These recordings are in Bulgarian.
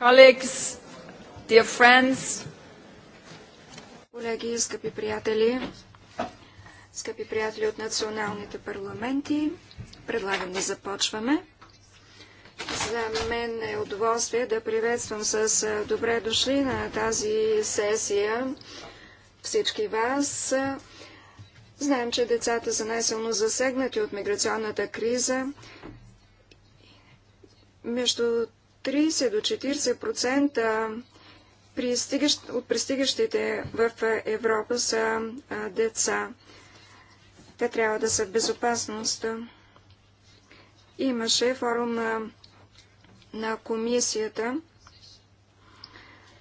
Colleagues, dear friends, колеги, скъпи приятели, скъпи приятели от националните парламенти, предлагам да започваме. За мен е удоволствие да приветствам с добре дошли на тази сесия всички вас. Знаем, че децата са най-силно засегнати от миграционната криза. Между 30 до 40% от пристигащите в Европа са деца. Те трябва да са в безопасност. Имаше форум на, на комисията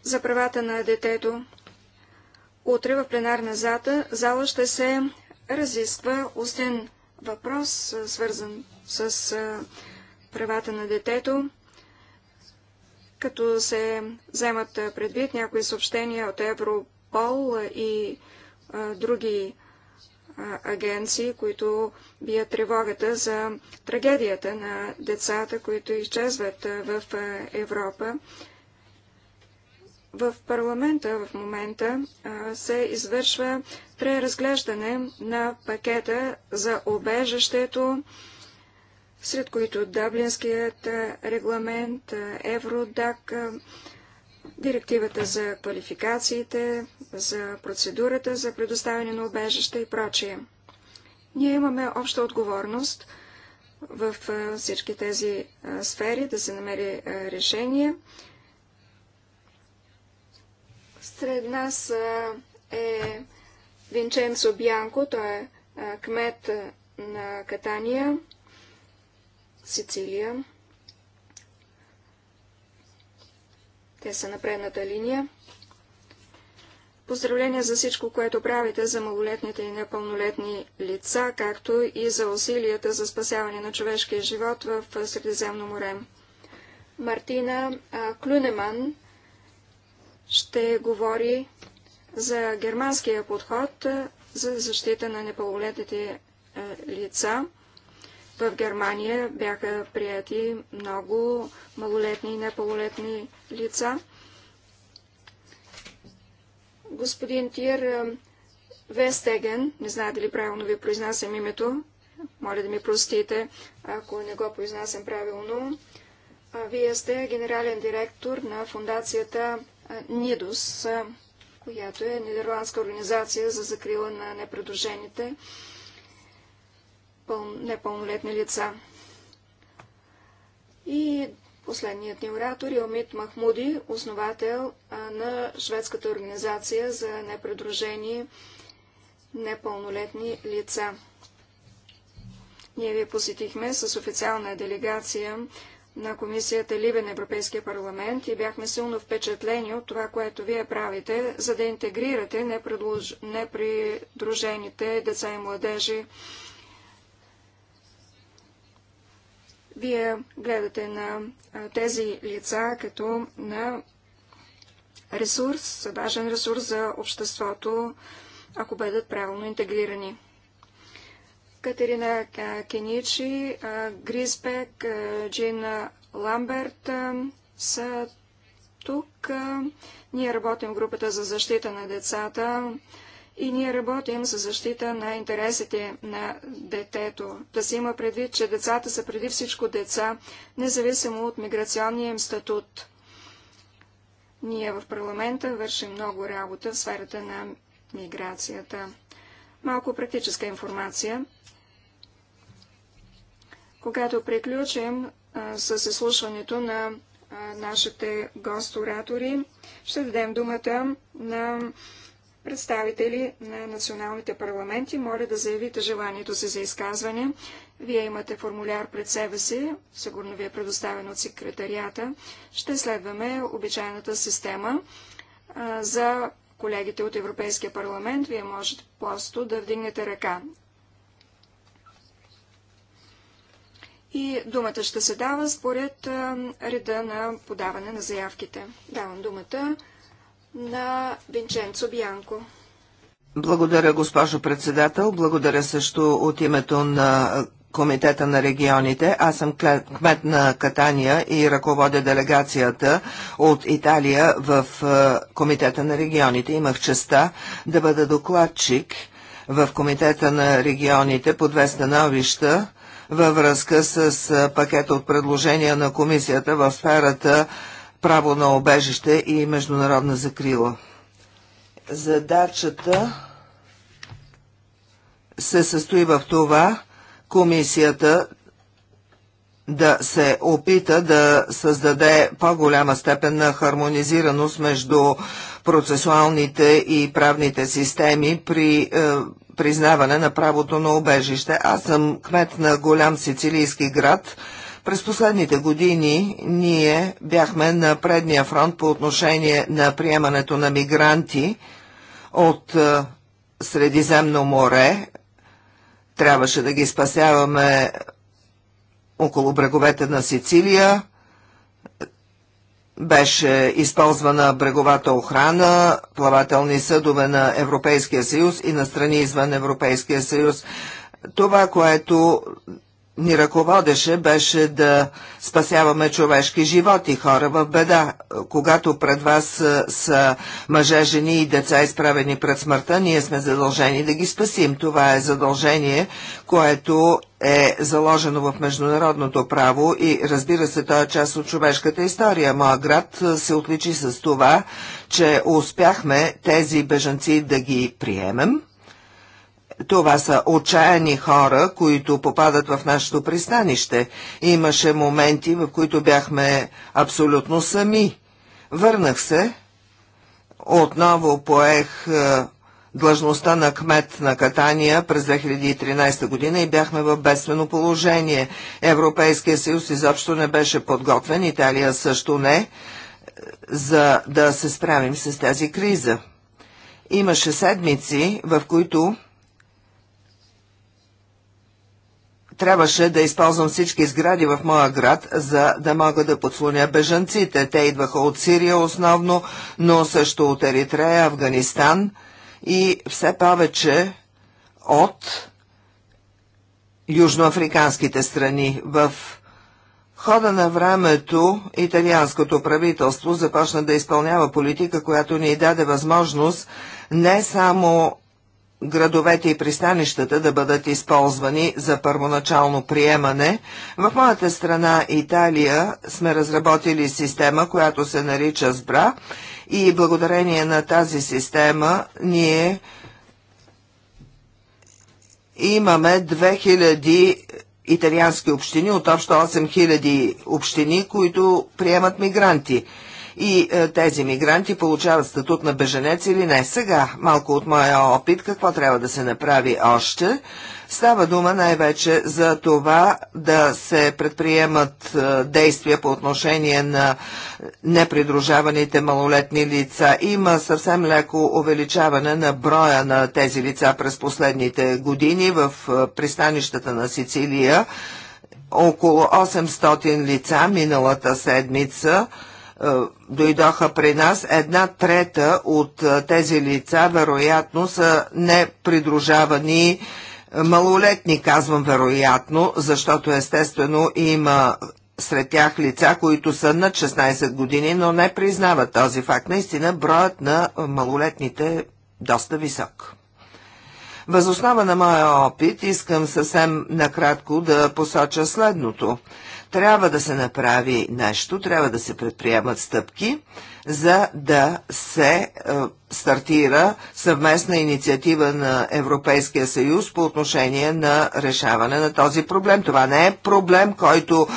за правата на детето. Утре в пленарна зата, зала ще се разисква устен въпрос, свързан с правата на детето като се вземат предвид някои съобщения от Европол и а, други а, агенции, които бият тревогата за трагедията на децата, които изчезват а, в Европа. В парламента в момента се извършва преразглеждане на пакета за обежището, сред които Даблинският регламент, Евродак, директивата за квалификациите, за процедурата за предоставяне на обежища и прочие. Ние имаме обща отговорност в всички тези сфери да се намери решение. Сред нас е Винченцо Бянко, той е кмет на Катания. Сицилия. Те са на предната линия. Поздравления за всичко, което правите за малолетните и непълнолетни лица, както и за усилията за спасяване на човешкия живот в Средиземно море. Мартина Клюнеман ще говори за германския подход за защита на непълнолетните лица. В Германия бяха прияти много малолетни и непълнолетни лица. Господин Тир Вестеген, не знае дали правилно ви произнасям името, моля да ми простите, ако не го произнасям правилно. Вие сте генерален директор на фундацията НИДОС, която е нидерландска организация за закрила на непредложените непълнолетни лица. И последният ни оратор е Омит Махмуди, основател на Шведската организация за непредружени непълнолетни лица. Ние ви посетихме с официална делегация на комисията Либен Европейския парламент и бяхме силно впечатлени от това, което вие правите, за да интегрирате непридружените деца и младежи Вие гледате на тези лица като на ресурс, важен ресурс за обществото, ако бъдат правилно интегрирани. Катерина Кеничи, Гризбек, Джин Ламберт са тук. Ние работим в групата за защита на децата. И ние работим за защита на интересите на детето. Да се има предвид, че децата са преди всичко деца, независимо от миграционния им статут. Ние в парламента вършим много работа в сферата на миграцията. Малко практическа информация. Когато приключим а, с изслушването на а, нашите гост-оратори, ще дадем думата на представители на националните парламенти, моля да заявите желанието си за изказване. Вие имате формуляр пред себе си, сигурно ви е предоставен от секретарията. Ще следваме обичайната система за колегите от Европейския парламент. Вие можете просто да вдигнете ръка. И думата ще се дава според реда на подаване на заявките. Давам думата на Винченцо Бянко. Благодаря, госпожо председател. Благодаря също от името на Комитета на регионите. Аз съм кмет на Катания и ръководя делегацията от Италия в е, Комитета на регионите. Имах честа да бъда докладчик в Комитета на регионите по две становища във връзка с е, пакета от предложения на комисията в сферата право на обежище и международна закрила. Задачата се състои в това комисията да се опита да създаде по-голяма степен на хармонизираност между процесуалните и правните системи при е, признаване на правото на обежище. Аз съм кмет на голям сицилийски град – през последните години ние бяхме на предния фронт по отношение на приемането на мигранти от е, Средиземно море. Трябваше да ги спасяваме около бреговете на Сицилия. Беше използвана бреговата охрана, плавателни съдове на Европейския съюз и на страни извън Европейския съюз. Това, което ни ръководеше, беше да спасяваме човешки животи, хора в беда. Когато пред вас е, са, мъже, жени и деца изправени пред смъртта, ние сме задължени да ги спасим. Това е задължение, което е заложено в международното право и разбира се, то е част от човешката история. Моя град е, се отличи с това, че успяхме тези бежанци да ги приемем това са отчаяни хора, които попадат в нашето пристанище. Имаше моменти, в които бяхме абсолютно сами. Върнах се, отново поех е, длъжността на кмет на Катания през 2013 година и бяхме в бедствено положение. Европейския съюз изобщо не беше подготвен, Италия също не, е, за да се справим с тази криза. Имаше седмици, в които трябваше да използвам всички сгради в моя град, за да мога да подслоня бежанците. Те идваха от Сирия основно, но също от Еритрея, Афганистан и все повече от южноафриканските страни. В хода на времето италианското правителство започна да изпълнява политика, която ни даде възможност не само градовете и пристанищата да бъдат използвани за първоначално приемане. В моята страна Италия сме разработили система, която се нарича СБРА и благодарение на тази система ние имаме 2000 италиански общини от общо 8000 общини, които приемат мигранти и е, тези мигранти получават статут на беженец или не. Сега, малко от моя опит, какво трябва да се направи още? Става дума най-вече за това да се предприемат е, действия по отношение на непридружаваните малолетни лица. Има съвсем леко увеличаване на броя на тези лица през последните години в е, пристанищата на Сицилия около 800 лица миналата седмица е, дойдоха при нас, една трета от е, тези лица вероятно са непридружавани е, малолетни, казвам вероятно, защото естествено има сред тях лица, които са над 16 години, но не признават този факт. Наистина броят на малолетните е доста висок. Възоснова на моя опит искам съвсем накратко да посоча следното – трябва да се направи нещо, трябва да се предприемат стъпки, за да се е, стартира съвместна инициатива на Европейския съюз по отношение на решаване на този проблем. Това не е проблем, който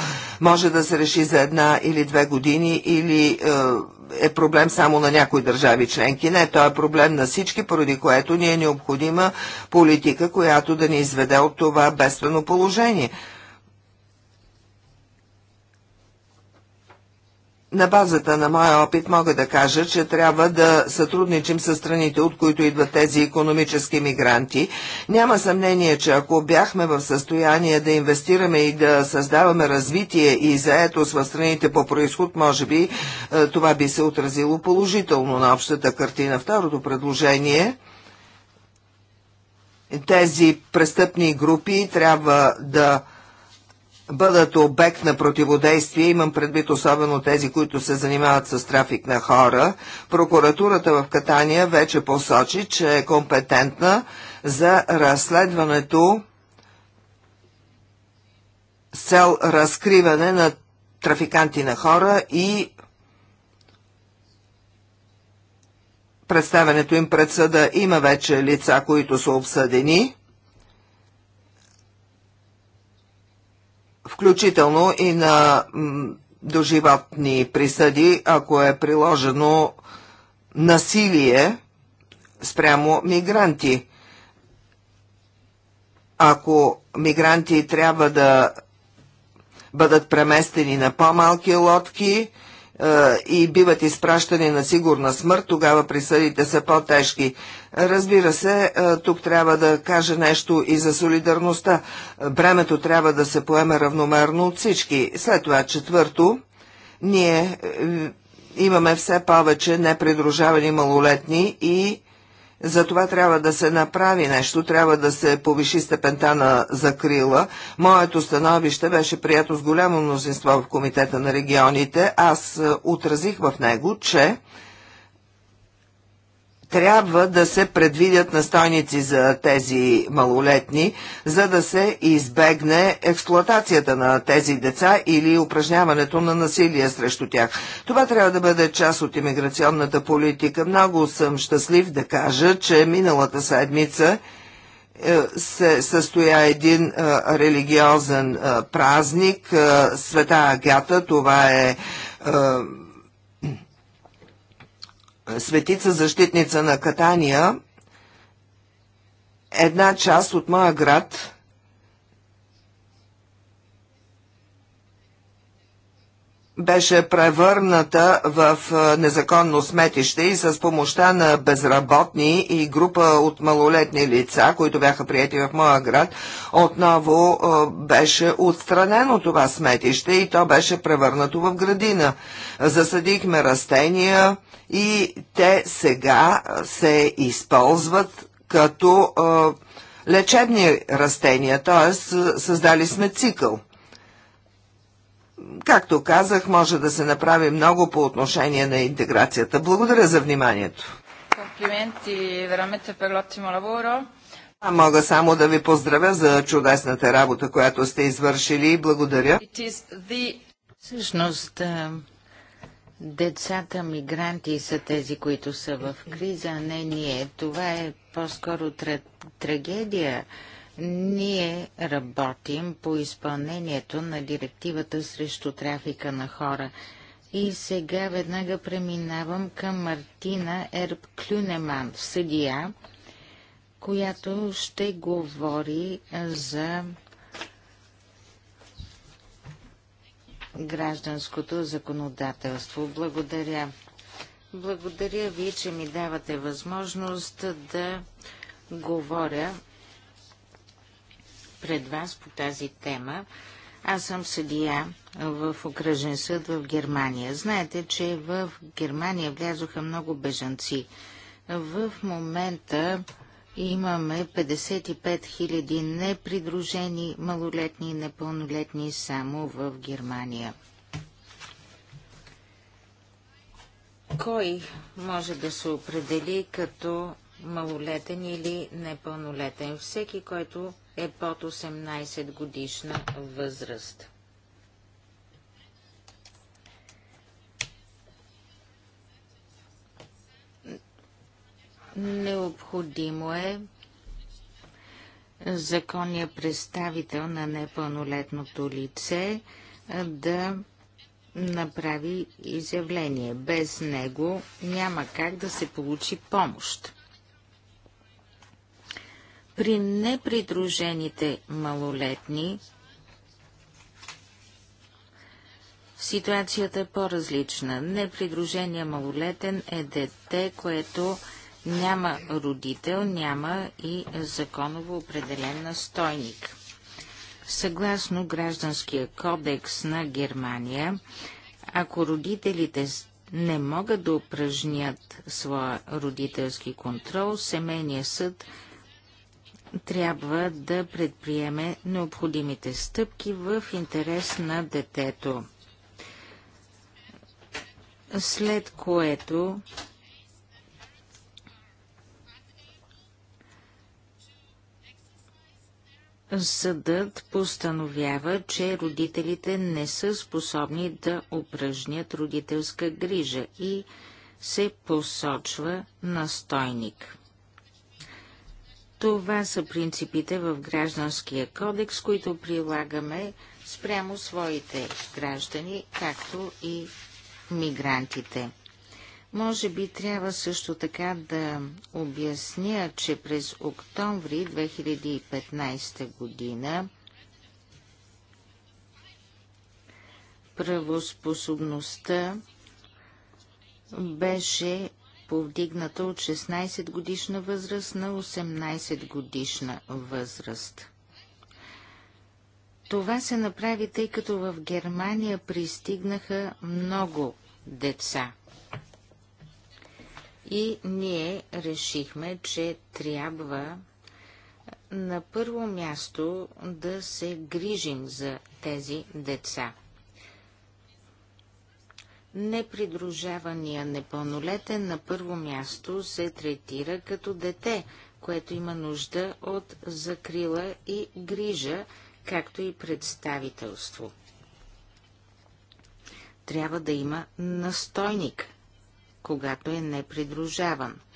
може да се реши за една или две години или е, е проблем само на някои държави членки. Не, той е проблем на всички, поради което ни е необходима политика, която да ни изведе от това бедствено положение. На базата на моя опит мога да кажа, че трябва да сътрудничим с страните, от които идват тези економически мигранти. Няма съмнение, че ако бяхме в състояние да инвестираме и да създаваме развитие и заетост в страните по происход, може би е, това би се отразило положително на общата картина. Второто предложение е, тези престъпни групи трябва да бъдат обект на противодействие, имам предвид особено тези, които се занимават с трафик на хора, прокуратурата в Катания вече посочи, че е компетентна за разследването с цел разкриване на трафиканти на хора и представянето им пред съда. Има вече лица, които са обсъдени. включително и на доживотни присъди, ако е приложено насилие спрямо мигранти. Ако мигранти трябва да бъдат преместени на по-малки лодки, е, и биват изпращани на сигурна смърт, тогава присъдите са по-тежки. Разбира се, е, тук трябва да каже нещо и за солидарността. Бремето трябва да се поеме равномерно от всички. След това четвърто, ние е, имаме все повече непридружавани малолетни и за това трябва да се направи нещо, трябва да се повиши степента на закрила. Моето становище беше прието с голямо мнозинство в Комитета на регионите. Аз е, отразих в него, че трябва да се предвидят настойници за тези малолетни, за да се избегне експлоатацията на тези деца или упражняването на насилие срещу тях. Това трябва да бъде част от иммиграционната политика. Много съм щастлив да кажа, че миналата седмица е, се състоя един а, е, религиозен а, е, празник. А, Света Агата, това е светица защитница на Катания, една част от моя град беше превърната в незаконно сметище и с помощта на безработни и група от малолетни лица, които бяха прияти в моя град, отново беше отстранено това сметище и то беше превърнато в градина. Засадихме растения и те сега се използват като лечебни растения, т.е. създали сме цикъл както казах, може да се направи много по отношение на интеграцията. Благодаря за вниманието. Комплименти, per l'ottimo lavoro. А мога само да ви поздравя за чудесната работа, която сте извършили и благодаря. The... Всъщност, децата мигранти са тези, които са в криза, а не ние. Това е по-скоро тр... трагедия. Ние работим по изпълнението на директивата срещу трафика на хора. И сега веднага преминавам към Мартина Ерб Клюнеман, съдия, която ще говори за гражданското законодателство. Благодаря. Благодаря ви, че ми давате възможност да говоря пред вас по тази тема. Аз съм съдия в окръжен съд в Германия. Знаете, че в Германия влязоха много бежанци. В момента имаме 55 000 непридружени малолетни и непълнолетни само в Германия. Кой може да се определи като малолетен или непълнолетен? Всеки, който е под 18 годишна възраст. Необходимо е законният представител на непълнолетното лице да направи изявление. Без него няма как да се получи помощ. При непридружените малолетни ситуацията е по-различна. Непридружения малолетен е дете, което няма родител, няма и законово определен настойник. Съгласно Гражданския кодекс на Германия, ако родителите не могат да упражнят своя родителски контрол, семейният съд трябва да предприеме необходимите стъпки в интерес на детето. След което Съдът постановява, че родителите не са способни да упражнят родителска грижа и се посочва настойник. Това са принципите в Гражданския кодекс, които прилагаме спрямо своите граждани, както и мигрантите. Може би трябва също така да обясня, че през октомври 2015 година правоспособността беше повдигната от 16 годишна възраст на 18 годишна възраст. Това се направи, тъй като в Германия пристигнаха много деца. И ние решихме, че трябва на първо място да се грижим за тези деца. Непридружавания непълнолетен на първо място се третира като дете, което има нужда от закрила и грижа, както и представителство. Трябва да има настойник, когато е непридружаван –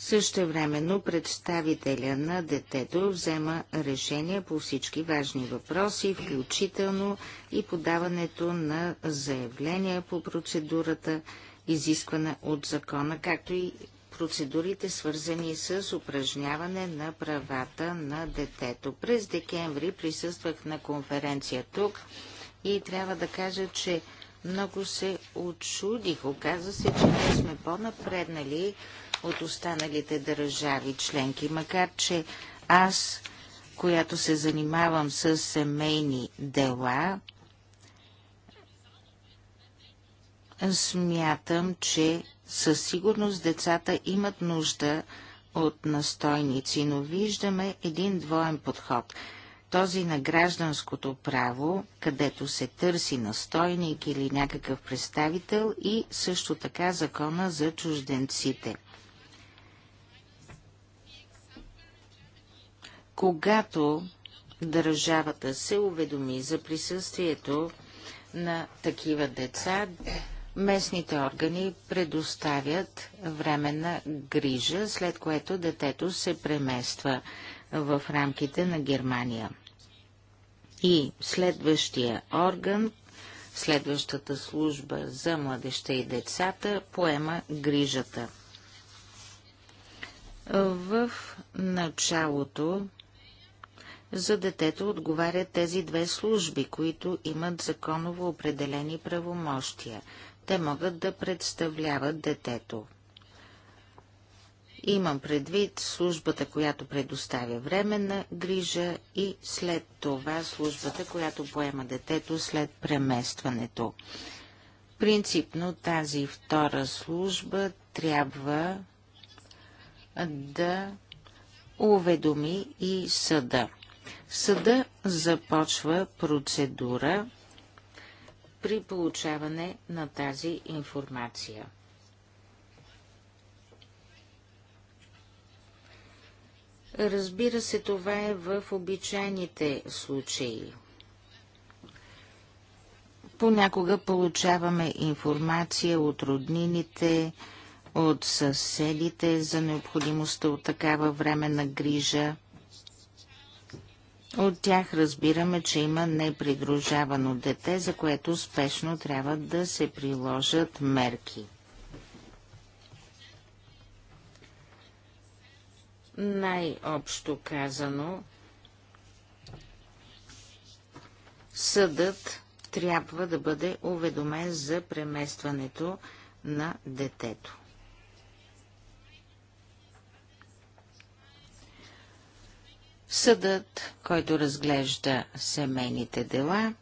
Същевременно представителя на детето взема решения по всички важни въпроси, включително и подаването на заявления по процедурата, изисквана от закона, както и процедурите, свързани с упражняване на правата на детето. През декември присъствах на конференция тук и трябва да кажа, че много се очудих. Оказа се, че ние сме по-напреднали от останалите държави членки, макар че аз, която се занимавам с семейни дела, смятам, че със сигурност децата имат нужда от настойници, но виждаме един двоен подход. Този на гражданското право, където се търси настойник или някакъв представител и също така закона за чужденците – когато държавата се уведоми за присъствието на такива деца, местните органи предоставят временна грижа, след което детето се премества в рамките на Германия. И следващия орган, следващата служба за младеща и децата поема грижата. В началото за детето отговарят тези две служби, които имат законово определени правомощия. Те могат да представляват детето. Имам предвид службата, която предоставя временна грижа и след това службата, която поема детето след преместването. Принципно тази втора служба трябва да уведоми и съда. Съда започва процедура при получаване на тази информация. Разбира се, това е в обичайните случаи. Понякога получаваме информация от роднините, от съседите за необходимостта от такава на грижа. От тях разбираме, че има непридружавано дете, за което спешно трябва да се приложат мерки. Най-общо казано, съдът трябва да бъде уведомен за преместването на детето. съдът, който разглежда семейните дела,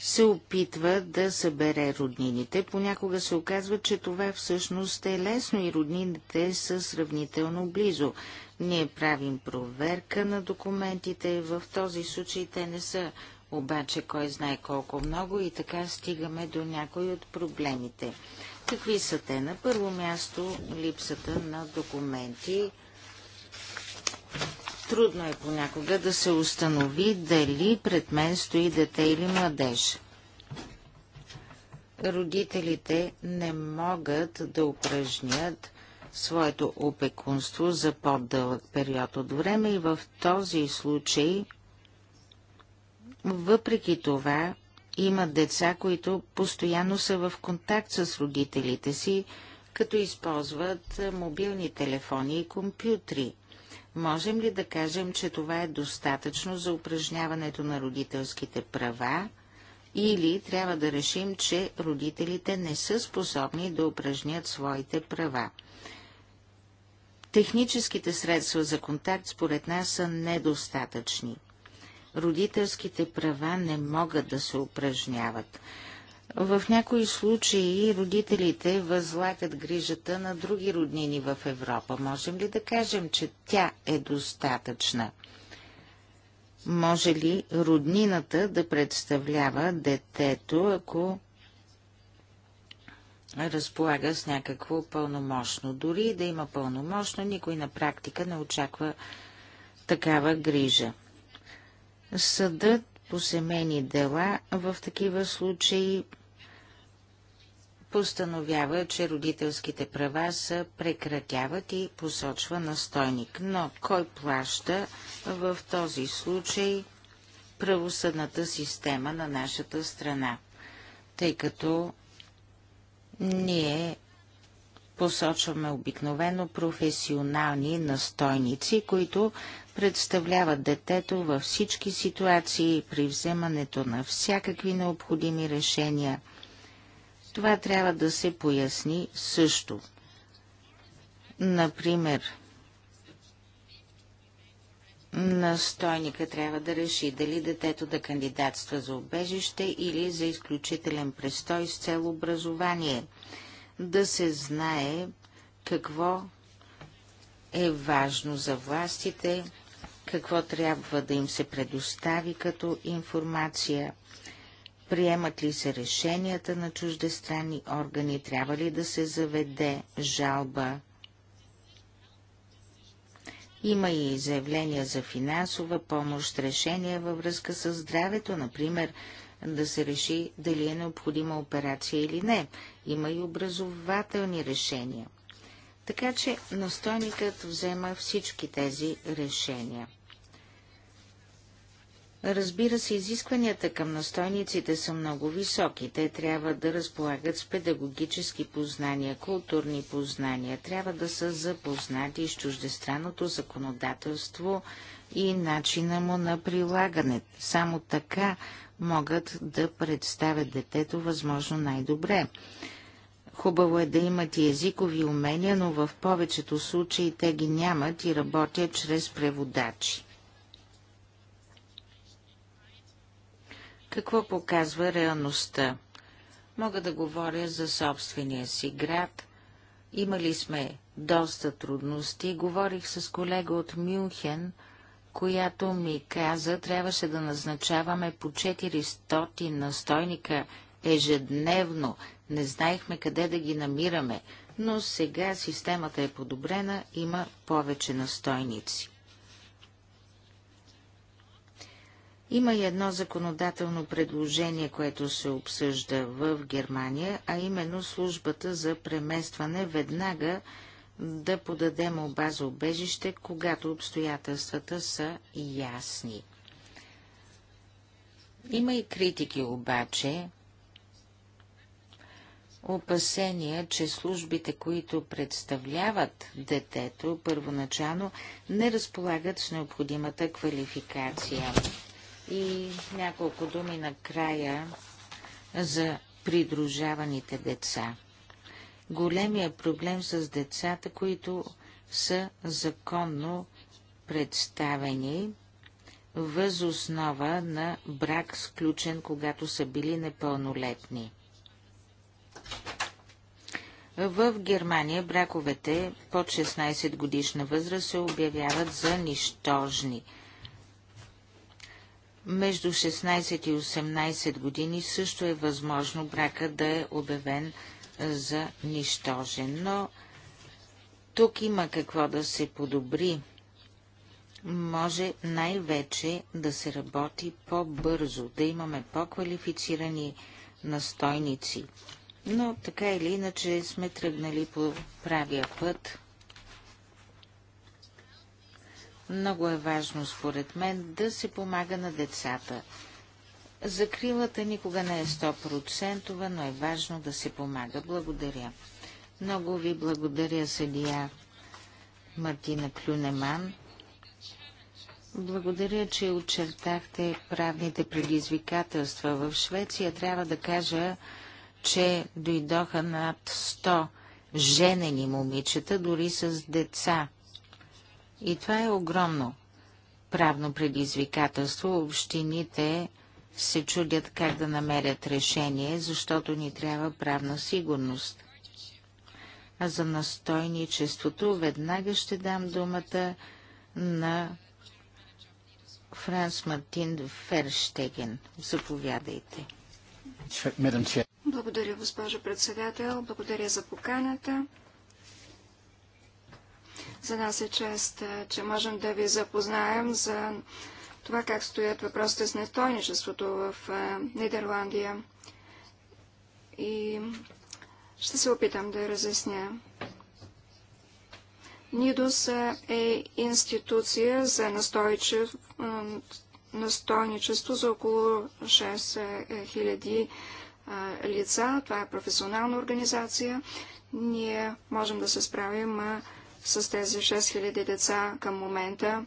се опитва да събере роднините. Понякога се оказва, че това всъщност е лесно и роднините са сравнително близо. Ние правим проверка на документите. В този случай те не са обаче кой знае колко много и така стигаме до някои от проблемите. Какви са те? На първо място липсата на документи Трудно е понякога да се установи дали пред мен стои дете или младеж. Родителите не могат да упражнят своето опекунство за по-дълъг период от време и в този случай, въпреки това, имат деца, които постоянно са в контакт с родителите си, като използват мобилни телефони и компютри. Можем ли да кажем, че това е достатъчно за упражняването на родителските права или трябва да решим, че родителите не са способни да упражнят своите права? Техническите средства за контакт според нас са недостатъчни. Родителските права не могат да се упражняват. В някои случаи родителите възлагат грижата на други роднини в Европа. Можем ли да кажем, че тя е достатъчна? Може ли роднината да представлява детето, ако разполага с някакво пълномощно? Дори да има пълномощно, никой на практика не очаква такава грижа. Съдът по семейни дела, в такива случаи постановява, че родителските права се прекратяват и посочва настойник. Но кой плаща в този случай правосъдната система на нашата страна? Тъй като ние посочваме обикновено професионални настойници, които представляват детето във всички ситуации при вземането на всякакви необходими решения. Това трябва да се поясни също. Например, настойника трябва да реши дали детето да кандидатства за обежище или за изключителен престой с цел образование – да се знае какво е важно за властите, какво трябва да им се предостави като информация, приемат ли се решенията на чуждестранни органи, трябва ли да се заведе жалба. Има и заявления за финансова помощ, решения във връзка с здравето, например да се реши дали е необходима операция или не. Има и образователни решения. Така че настойникът взема всички тези решения. Разбира се, изискванията към настойниците са много високи. Те трябва да разполагат с педагогически познания, културни познания, трябва да са запознати с чуждестранното законодателство и начина му на прилагане. Само така могат да представят детето възможно най-добре. Хубаво е да имат и езикови умения, но в повечето случаи те ги нямат и работят чрез преводачи. Какво показва реалността? Мога да говоря за собствения си град. Имали сме доста трудности. Говорих с колега от Мюнхен – която ми каза, трябваше да назначаваме по 400 настойника ежедневно. Не знаехме къде да ги намираме, но сега системата е подобрена, има повече настойници. Има и едно законодателно предложение, което се обсъжда в Германия, а именно службата за преместване веднага да подадем оба за убежище, когато обстоятелствата са ясни. Има и критики обаче, опасения, че службите, които представляват детето първоначално, не разполагат с необходимата квалификация. И няколко думи накрая за придружаваните деца големия проблем с децата, които са законно представени въз основа на брак сключен, когато са били непълнолетни. В Германия браковете под 16 годишна възраст се обявяват за нищожни. Между 16 и 18 години също е възможно брака да е обявен за нищожен. Но тук има какво да се подобри. Може най-вече да се работи по-бързо, да имаме по-квалифицирани настойници. Но така или иначе сме тръгнали по правия път. Много е важно, според мен, да се помага на децата – Закрилата никога не е 100%, но е важно да се помага. Благодаря. Много ви благодаря, съдия Мартина Клюнеман. Благодаря, че очертахте правните предизвикателства. В Швеция трябва да кажа, че дойдоха над 100 женени момичета, дори с деца. И това е огромно правно предизвикателство. Общините се чудят как да намерят решение, защото ни трябва правна сигурност. А за настойничеството веднага ще дам думата на Франс Мартин Ферштеген. Заповядайте. Благодаря, госпожо председател. Благодаря за поканата. За нас е чест, че можем да ви запознаем за това как стоят въпросите с настойничеството в Нидерландия. И ще се опитам да разясня. НИДОС е институция за настойничество за около 6000 лица. Това е професионална организация. Ние можем да се справим с тези 6000 деца към момента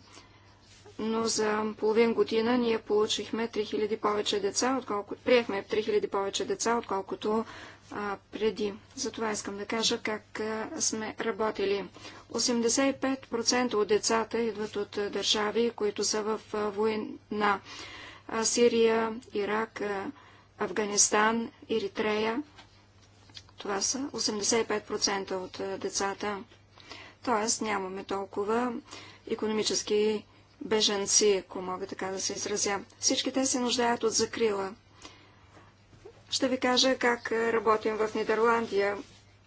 но за половин година ние получихме 3000 повече деца, отколкото, приехме 3000 повече деца, отколкото а, преди. Затова искам да кажа как а, сме работили. 85% от децата идват от държави, които са в а, война. А, Сирия, Ирак, а, Афганистан, Еритрея. Това са 85% от а, децата. Тоест нямаме толкова економически беженци, ако мога така да се изразя. Всички те се нуждаят от закрила. Ще ви кажа как е, работим в Нидерландия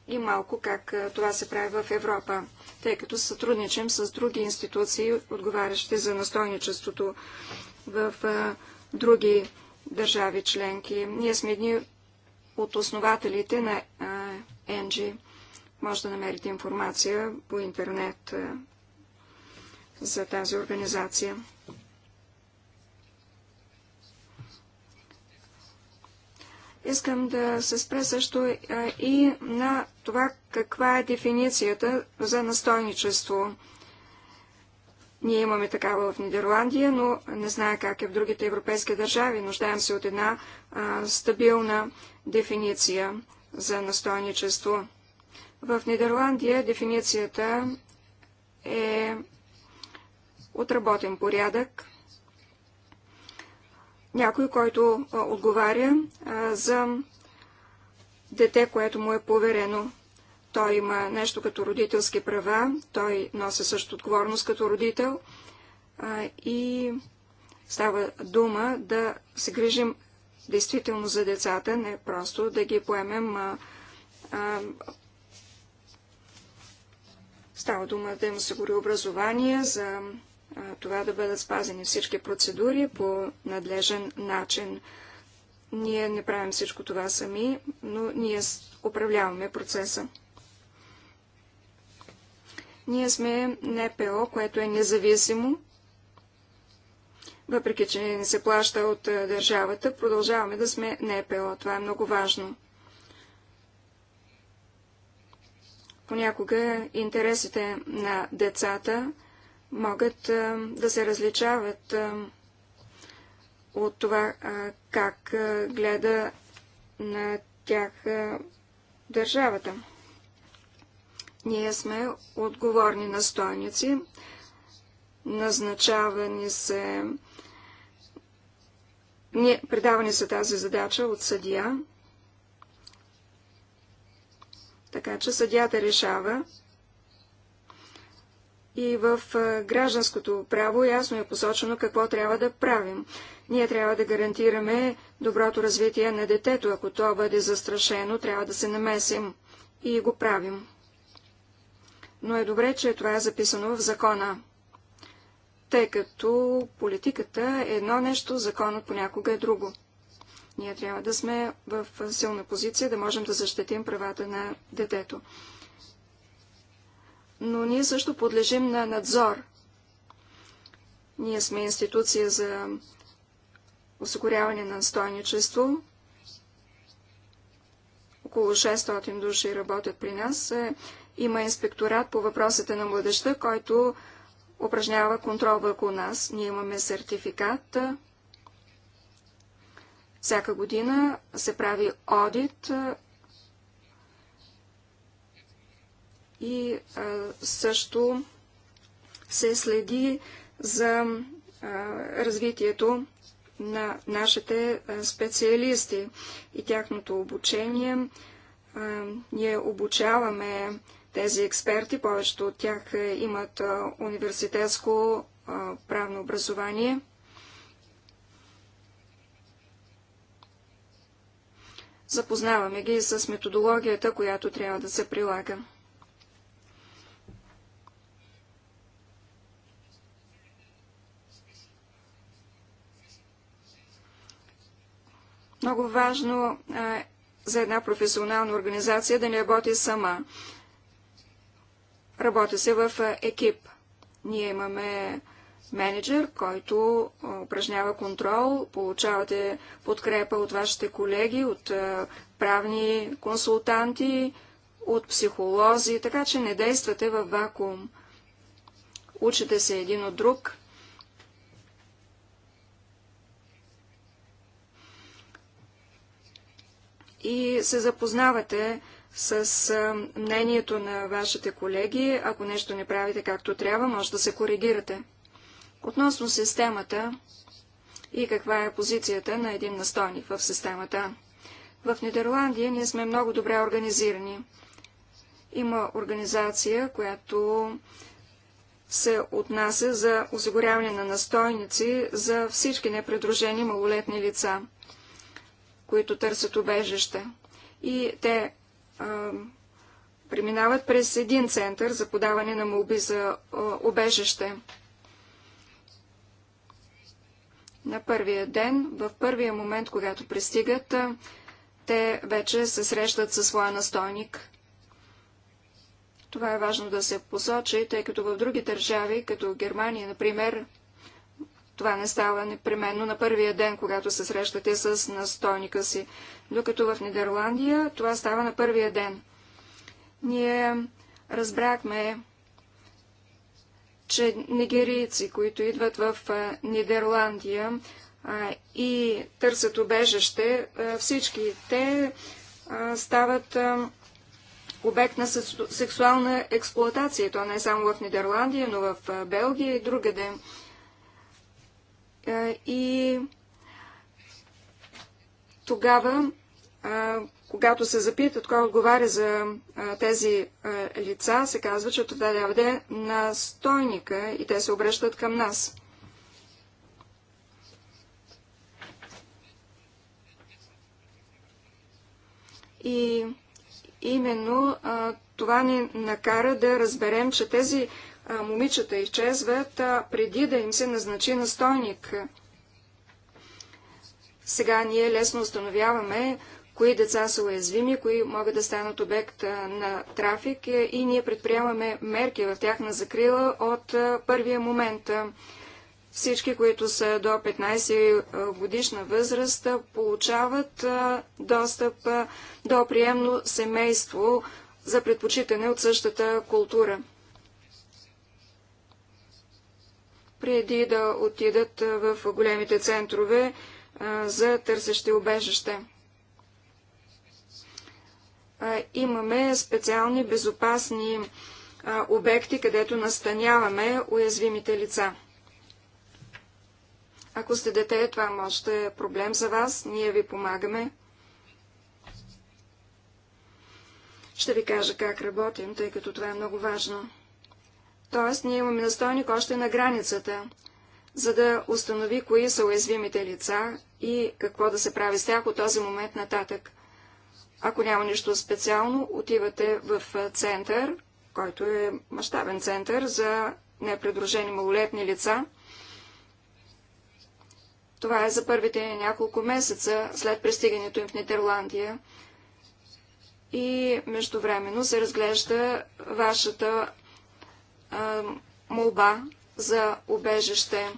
и малко как е, това се прави в Европа, тъй като сътрудничим с други институции, отговарящи за настойничеството в е, други държави членки. Ние сме едни от основателите на Енджи. Може да намерите информация по интернет за тази организация. Искам да се спре също е, и на това каква е дефиницията за настойничество. Ние имаме такава в Нидерландия, но не знае как е в другите европейски държави. Нуждаем се от една а, стабилна дефиниция за настойничество. В Нидерландия дефиницията е отработен порядък. Някой, който отговаря за дете, което му е поверено. Той има нещо като родителски права, той носи също отговорност като родител и става дума да се грижим действително за децата, не просто да ги поемем. става дума да им осигури образование за това да бъдат спазени всички процедури по надлежен начин. Ние не правим всичко това сами, но ние управляваме процеса. Ние сме НПО, което е независимо. Въпреки, че не се плаща от държавата, продължаваме да сме НПО. Това е много важно. Понякога интересите на децата могат да се различават от това как гледа на тях държавата. Ние сме отговорни настойници, назначавани се, ние, предавани се тази задача от съдия, така че съдията решава и в гражданското право ясно е посочено какво трябва да правим. Ние трябва да гарантираме доброто развитие на детето. Ако то бъде застрашено, трябва да се намесим и го правим. Но е добре, че това е записано в закона, тъй като политиката е едно нещо, законът понякога е друго. Ние трябва да сме в силна позиция, да можем да защитим правата на детето но ние също подлежим на надзор. Ние сме институция за осигуряване на стойничество. Около 600 души работят при нас. Е, има инспекторат по въпросите на младеща, който упражнява контрол върху нас. Ние имаме сертификат. Всяка година се прави одит и също се следи за развитието на нашите специалисти и тяхното обучение. Ние обучаваме тези експерти, повечето от тях е, имат университетско правно образование. Запознаваме ги с методологията, която трябва да се прилага. Много важно е за една професионална организация да не работи сама. Работи се в е, екип. Ние имаме менеджер, който е, упражнява контрол, получавате подкрепа от вашите колеги, от е, правни консултанти, от психолози, така че не действате във вакуум. Учите се един от друг. и се запознавате с мнението на вашите колеги. Ако нещо не правите както трябва, може да се коригирате. Относно системата и каква е позицията на един настойник в системата. В Нидерландия ние сме много добре организирани. Има организация, която се отнася за осигуряване на настойници за всички непредружени малолетни лица които търсят убежище. И те а, преминават през един център за подаване на молби за а, убежище. На първия ден, в първия момент, когато пристигат, а, те вече се срещат със своя настойник. Това е важно да се посочи, тъй като в други държави, като Германия, например, това не става непременно на първия ден, когато се срещате с настойника си, докато в Нидерландия това става на първия ден. Ние разбрахме, че нигерийци, които идват в Нидерландия и търсят обежище, всички те стават обект на сексуална експлоатация. То не е само в Нидерландия, но в Белгия и другаде и тогава, когато се запитат кой отговаря за тези лица, се казва, че това трябва да е на стойника и те се обръщат към нас. И именно а, това ни накара да разберем, че тези момичета изчезват преди да им се назначи настойник. Сега ние лесно установяваме кои деца са уязвими, кои могат да станат обект на трафик е, и ние предприемаме мерки в тяхна закрила от първия момент. Всички, които са до 15 годишна възраст, получават достъп до приемно семейство за предпочитане от същата култура. преди да отидат в големите центрове за търсещи обежище. Имаме специални безопасни обекти, където настаняваме уязвимите лица. Ако сте дете, това може да е проблем за вас. Ние ви помагаме. Ще ви кажа как работим, тъй като това е много важно. Т.е. ние имаме настойник още на границата, за да установи кои са уязвимите лица и какво да се прави с тях от този момент нататък. Ако няма нищо специално, отивате в център, който е мащабен център за непредружени малолетни лица. Това е за първите няколко месеца след пристигането им в Нидерландия. И междувременно се разглежда вашата молба за убежище.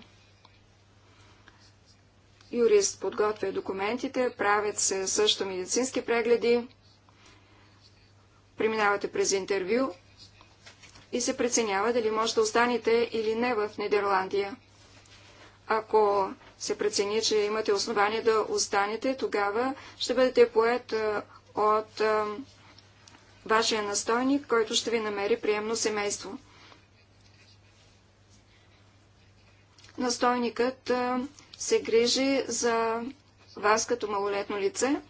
Юрист подготвя документите, правят се също медицински прегледи, преминавате през интервю и се преценява дали може да останете или не в Нидерландия. Ако се прецени, че имате основание да останете, тогава ще бъдете поет от вашия настойник, който ще ви намери приемно семейство. настойникът се грижи за вас като малолетно лице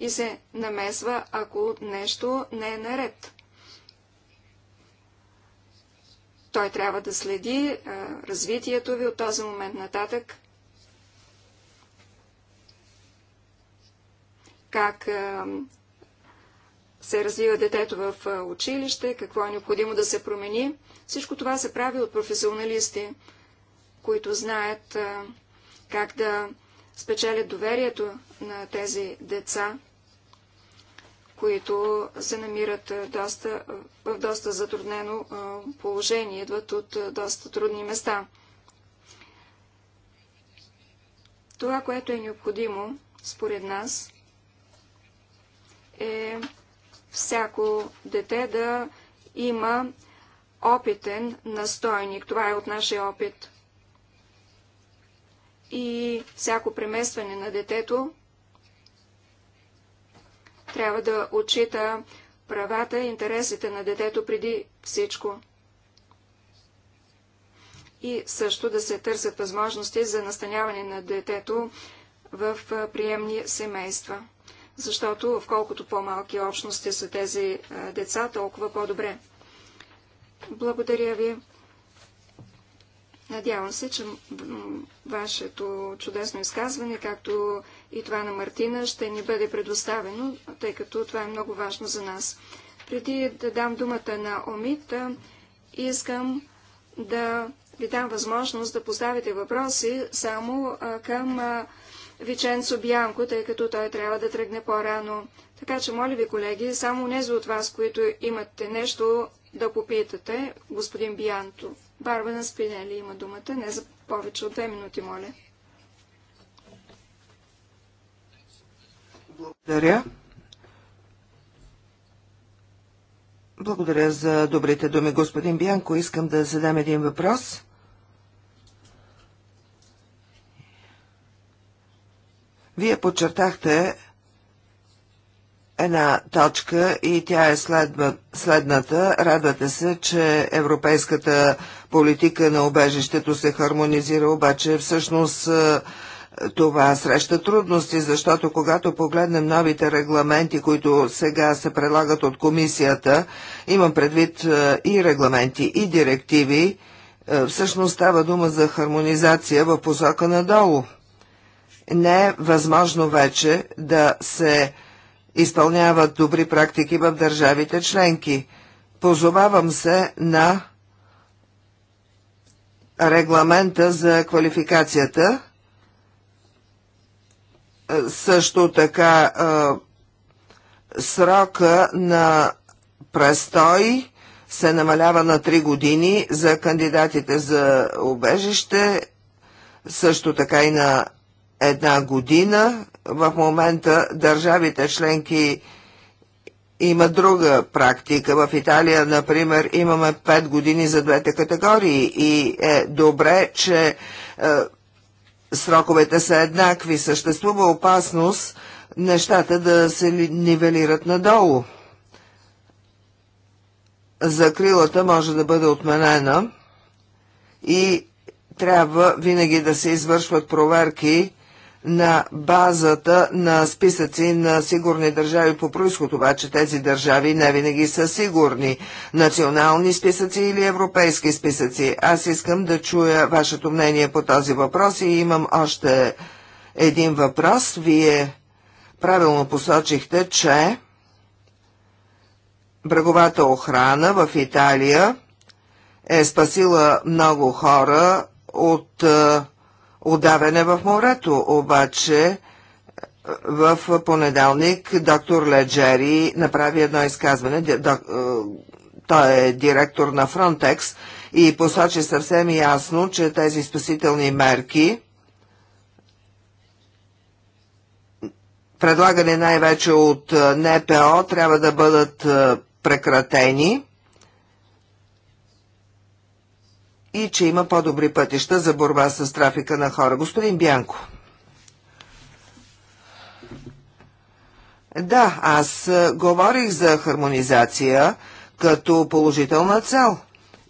и се намесва, ако нещо не е наред. Той трябва да следи развитието ви от този момент нататък. Как се развива детето в училище, какво е необходимо да се промени. Всичко това се прави от професионалисти които знаят как да спечелят доверието на тези деца, които се намират доста, в доста затруднено положение, идват от доста трудни места. Това, което е необходимо, според нас, е всяко дете да има опитен настойник. Това е от нашия опит и всяко преместване на детето трябва да отчита правата и интересите на детето преди всичко. И също да се търсят възможности за настаняване на детето в приемни семейства. Защото в колкото по-малки общности са тези деца, толкова по-добре. Благодаря ви. Надявам се, че вашето чудесно изказване, както и това на Мартина, ще ни бъде предоставено, тъй като това е много важно за нас. Преди да дам думата на Омит, искам да ви дам възможност да поставите въпроси само към Виченцо Бянко, тъй като той трябва да тръгне по-рано. Така че, моля ви, колеги, само нези от вас, които имате нещо да попитате, господин Бянто. Барбана Спинели има думата. Не за повече от две минути, моля. Благодаря. Благодаря за добрите думи, господин Бянко. Искам да задам един въпрос. Вие подчертахте една точка и тя е следва, следната. Радвате се, че европейската политика на обежището се хармонизира, обаче всъщност е, това среща трудности, защото когато погледнем новите регламенти, които сега се предлагат от комисията, имам предвид е, и регламенти, и директиви, е, всъщност става дума за хармонизация в посока надолу. Не е възможно вече да се изпълняват добри практики в държавите членки. Позовавам се на регламента за квалификацията, също така срока на престой се намалява на 3 години за кандидатите за обежище, също така и на една година. В момента държавите членки има друга практика. В Италия, например, имаме 5 години за двете категории и е добре, че е, сроковете са еднакви. Съществува опасност нещата да се нивелират надолу. Закрилата може да бъде отменена и трябва винаги да се извършват проверки на базата на списъци на сигурни държави по происход, това, че тези държави не винаги са сигурни. Национални списъци или европейски списъци? Аз искам да чуя вашето мнение по този въпрос и имам още един въпрос. Вие правилно посочихте, че бреговата охрана в Италия е спасила много хора от е, удавяне в морето. Обаче е, в понеделник доктор Леджери направи едно изказване. Е, той е директор на Frontex и посочи съвсем ясно, че тези спасителни мерки предлагане най-вече от е, НПО трябва да бъдат прекратени и че има по-добри пътища за борба с трафика на хора. Господин Бянко. Да, аз говорих за хармонизация като положителна цел.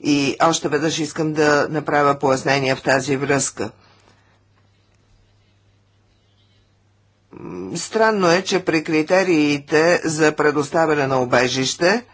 И още веднъж искам да направя пояснение в тази връзка. Странно е, че при критериите за предоставяне на обежище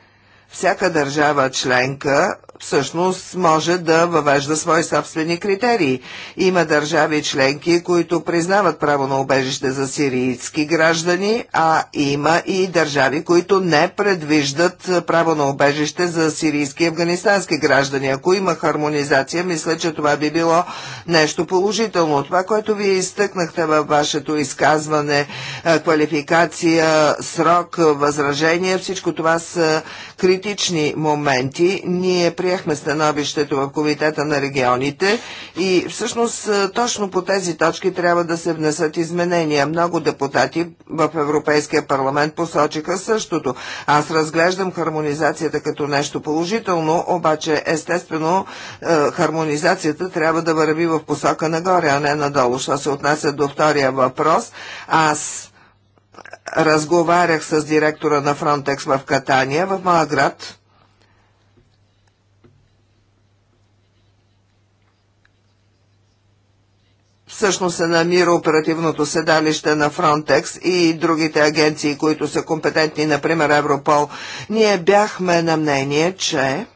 всяка държава членка всъщност може да въвежда свои собствени критерии. Има държави членки, които признават право на обежище за сирийски граждани, а има и държави, които не предвиждат право на обежище за сирийски и афганистански граждани. Ако има хармонизация, мисля, че това би било нещо положително. Това, което вие изтъкнахте във вашето изказване, е, квалификация, срок, възражение, всичко това са критични моменти. Ние при приехме становището в Комитета на регионите и всъщност точно по тези точки трябва да се внесат изменения. Много депутати в Европейския парламент посочиха същото. Аз разглеждам хармонизацията като нещо положително, обаче естествено хармонизацията трябва да върви в посока нагоре, а не надолу. Що се отнася до втория въпрос, аз разговарях с директора на Фронтекс в Катания, в Малград. всъщност се намира оперативното седалище на Frontex и другите агенции, които са компетентни, например Европол, ние бяхме на мнение, че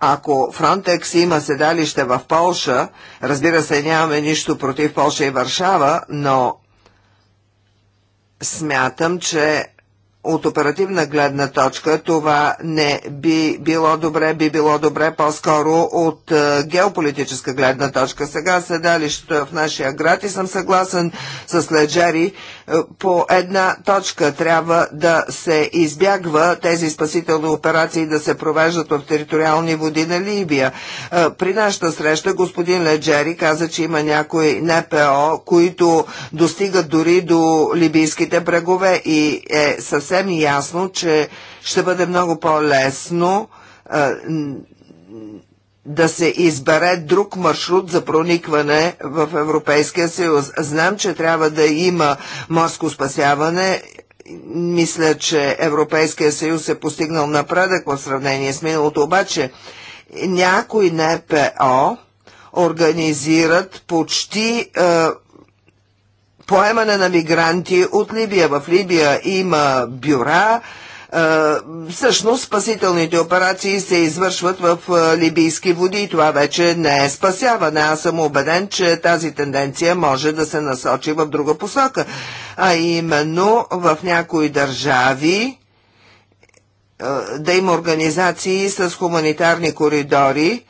Ако Фронтекс има седалище в Полша, разбира се, нямаме нищо против Полша и Варшава, но смятам, че от оперативна гледна точка това не би било добре, би било добре по-скоро от е, геополитическа гледна точка. Сега седалището е в нашия град и съм съгласен с Леджери, по една точка трябва да се избягва тези спасителни операции да се провеждат в териториални води на Либия. При нашата среща господин Леджери каза, че има някои НПО, които достигат дори до либийските брегове и е съвсем ясно, че ще бъде много по-лесно да се избере друг маршрут за проникване в Европейския съюз. Знам, че трябва да има морско спасяване мисля, че Европейския съюз е постигнал напредък в сравнение с миналото, обаче някои НПО организират почти е, поемане на мигранти от Либия. В Либия има бюра, Всъщност спасителните операции се извършват в либийски води и това вече не е спасяване. Аз съм убеден, че тази тенденция може да се насочи в друга посока. А именно в някои държави да има организации с хуманитарни коридори,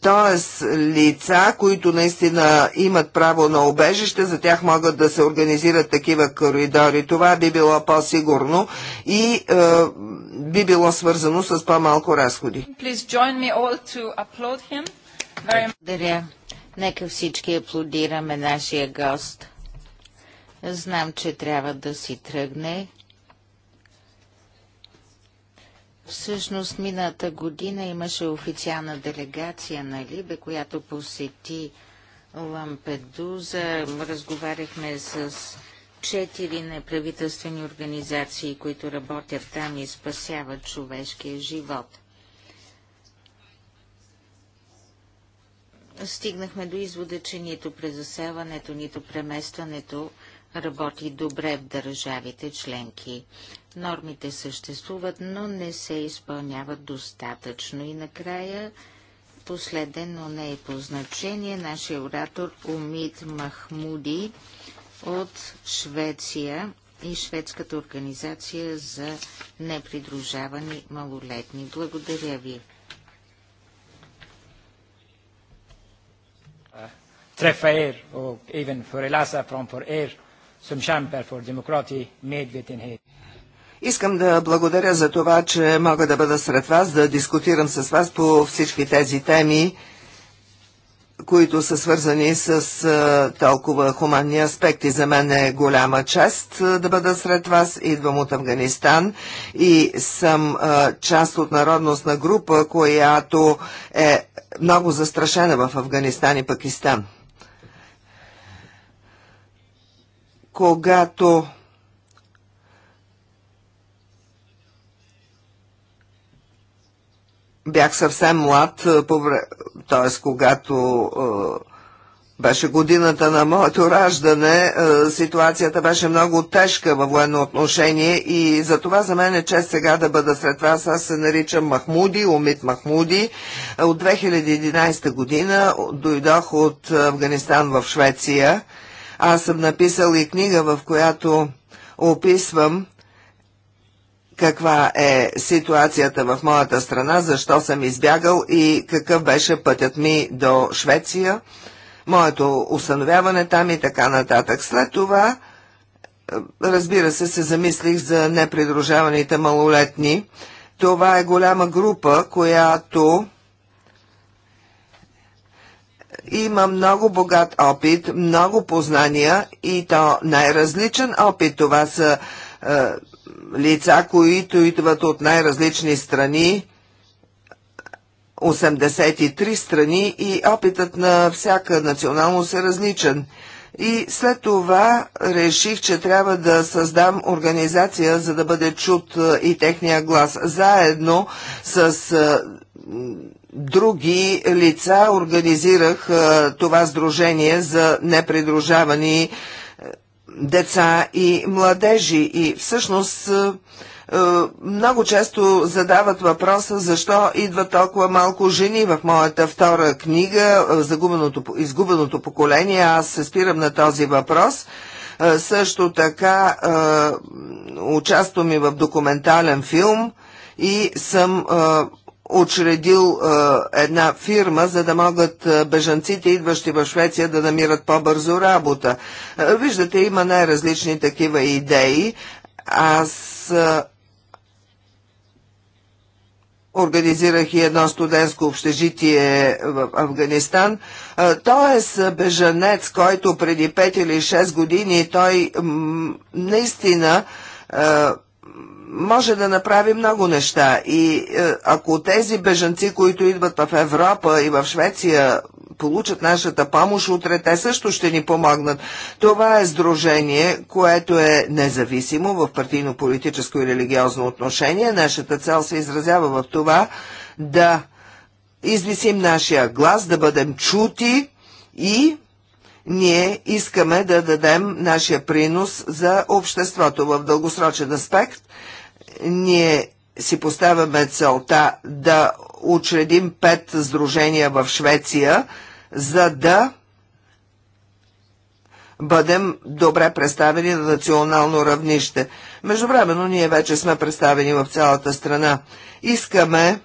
т.е. лица, които наистина имат право на обежище, за тях могат да се организират такива коридори. Това би било по-сигурно и е, би било свързано с по-малко разходи. Благодаря. Нека всички аплодираме нашия гост. Знам, че трябва да си тръгне. Всъщност, мината година имаше официална делегация на Либе, която посети Лампедуза. Разговаряхме с четири неправителствени организации, които работят там и спасяват човешкия живот. Стигнахме до извода, че нито презасяването, нито преместването работи добре в държавите членки. Нормите съществуват, но не се изпълняват достатъчно. И накрая, последен, но не е по значение, нашия оратор Умит Махмуди от Швеция и Шведската организация за непридружавани малолетни. Благодаря ви. Uh, Träffa er och även för Elasa ер, er som kämpar демократи, demokratisk medvetenhet. Искам да благодаря за това, че мога да бъда сред вас, да дискутирам с вас по всички тези теми, които са свързани с толкова хуманни аспекти. За мен е голяма чест да бъда сред вас. Идвам от Афганистан и съм част от народностна група, която е много застрашена в Афганистан и Пакистан. Когато бях съвсем млад, т.е. когато беше годината на моето раждане, ситуацията беше много тежка във военно отношение и за това за мен е чест сега да бъда сред вас. Аз се наричам Махмуди, Умит Махмуди. От 2011 година дойдох от Афганистан в Швеция. Аз съм написал и книга, в която описвам каква е ситуацията в моята страна, защо съм избягал и какъв беше пътят ми до Швеция, моето установяване там и така нататък. След това, е, разбира се, се замислих за непридружаваните малолетни. Това е голяма група, която е, има много богат опит, много познания и то най-различен опит. Това са е, лица, които идват от най-различни страни, 83 страни и опитът на всяка националност е различен. И след това реших, че трябва да създам организация, за да бъде чут е, и техния глас. Заедно с е, други лица организирах е, това сдружение за непридружавани деца и младежи. И всъщност е, е, много често задават въпроса защо идва толкова малко жени в моята втора книга е, Загубеното, Изгубеното поколение. Аз се спирам на този въпрос. Също така участвам и в документален филм и съм учредил е, една фирма, за да могат е, бежанците, идващи в Швеция, да намират по-бързо работа. Е, виждате, има най-различни такива идеи. Аз Организирах и едно студентско общежитие в Афганистан. Тоест, бежанец, който преди 5 или 6 години, той наистина може да направи много неща. И е, ако тези бежанци, които идват в Европа и в Швеция, получат нашата помощ, утре те също ще ни помогнат. Това е сдружение, което е независимо в партийно-политическо и религиозно отношение. Нашата цел се изразява в това да извисим нашия глас, да бъдем чути и ние искаме да дадем нашия принос за обществото в дългосрочен аспект ние си поставяме целта да учредим пет сдружения в Швеция, за да бъдем добре представени на национално равнище. Междувременно ние вече сме представени в цялата страна. Искаме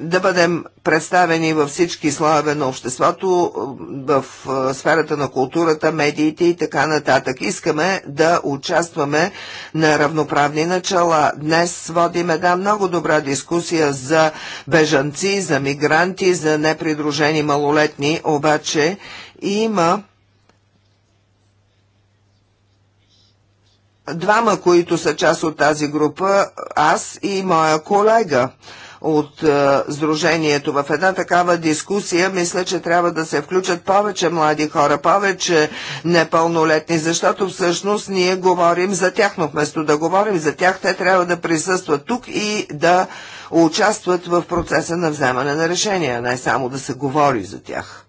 да бъдем представени във всички слоеве на обществото, в сферата на културата, медиите и така нататък. Искаме да участваме на равноправни начала. Днес водим една много добра дискусия за бежанци, за мигранти, за непридружени малолетни, обаче има двама, които са част от тази група, аз и моя колега от е, Сдружението. В една такава дискусия мисля, че трябва да се включат повече млади хора, повече непълнолетни, защото всъщност ние говорим за тях, но вместо да говорим за тях, те трябва да присъстват тук и да участват в процеса на вземане на решения, не само да се говори за тях.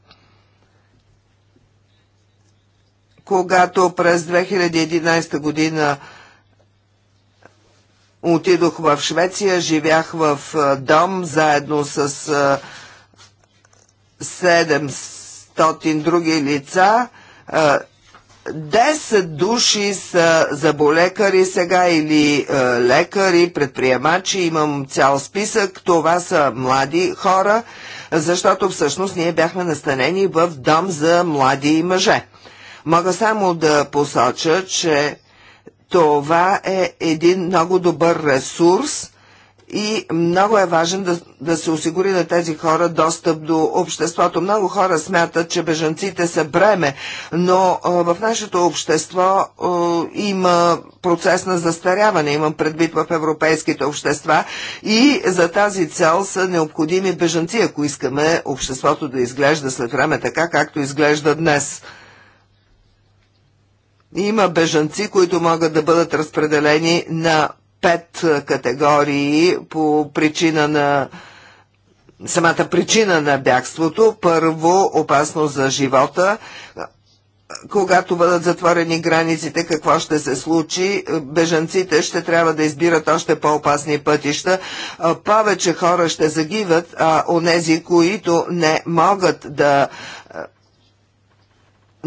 Когато през 2011 година Отидох в Швеция, живях в дом заедно с 700 други лица. 10 души са заболекари сега или е, лекари, предприемачи, имам цял списък. Това са млади хора, защото всъщност ние бяхме настанени в дом за млади мъже. Мога само да посоча, че това е един много добър ресурс и много е важен да, да се осигури на тези хора достъп до обществото. Много хора смятат, че бежанците са бреме, но а, в нашето общество а, има процес на застаряване, имам предвид в европейските общества и за тази цел са необходими бежанци, ако искаме обществото да изглежда след време така, както изглежда днес. Има бежанци, които могат да бъдат разпределени на пет категории по причина на самата причина на бягството. Първо, опасност за живота. Когато бъдат затворени границите, какво ще се случи? Бежанците ще трябва да избират още по-опасни пътища. Повече хора ще загиват, а онези, които не могат да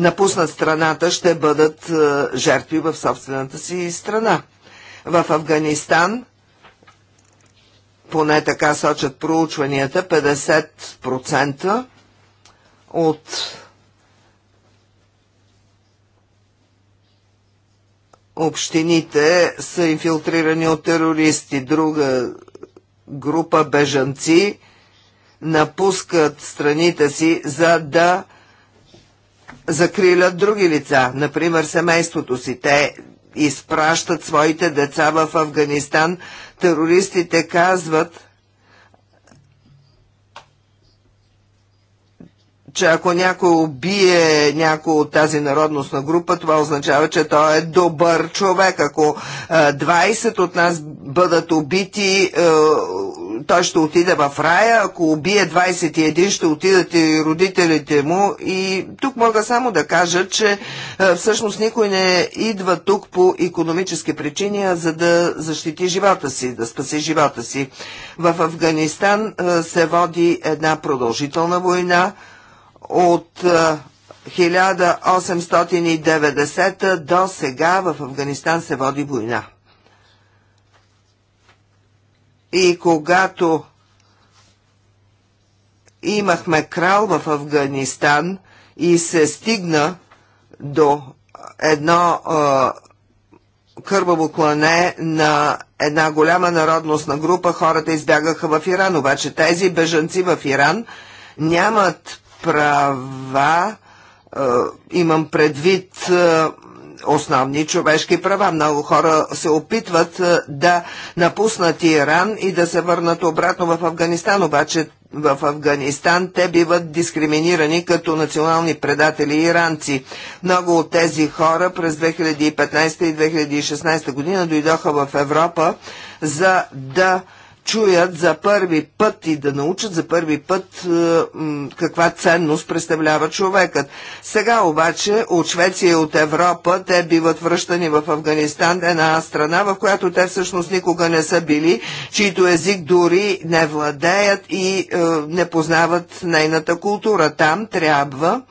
напуснат страната, ще бъдат е, жертви в собствената си страна. В Афганистан, поне така сочат проучванията, 50% от общините са инфилтрирани от терористи. Друга група бежанци напускат страните си, за да закрилят други лица, например семейството си. Те изпращат своите деца в Афганистан. Терористите казват, че ако някой убие някой от тази народностна група, това означава, че той е добър човек. Ако 20 е, от нас бъдат убити, е, той ще отиде в рая, ако убие 21, ще отидат и родителите му. И тук мога само да кажа, че е, всъщност никой не идва тук по економически причини, а за да защити живота си, да спаси живота си. В Афганистан е, се води една продължителна война от 1890 е, до сега в Афганистан се води война. И когато имахме крал в Афганистан и се стигна до едно а, кърваво клане на една голяма народностна група, хората избягаха в Иран. Обаче тези бежанци в Иран нямат права, а, имам предвид а, основни човешки права. Много хора се опитват е, да напуснат Иран и да се върнат обратно в Афганистан, обаче в Афганистан те биват дискриминирани като национални предатели иранци. Много от тези хора през 2015 и 2016 година дойдоха в Европа за да чуят за първи път и да научат за първи път е, каква ценност представлява човекът. Сега обаче от Швеция и от Европа те биват връщани в Афганистан, една страна, в която те всъщност никога не са били, чието език дори не владеят и е, не познават нейната култура. Там трябва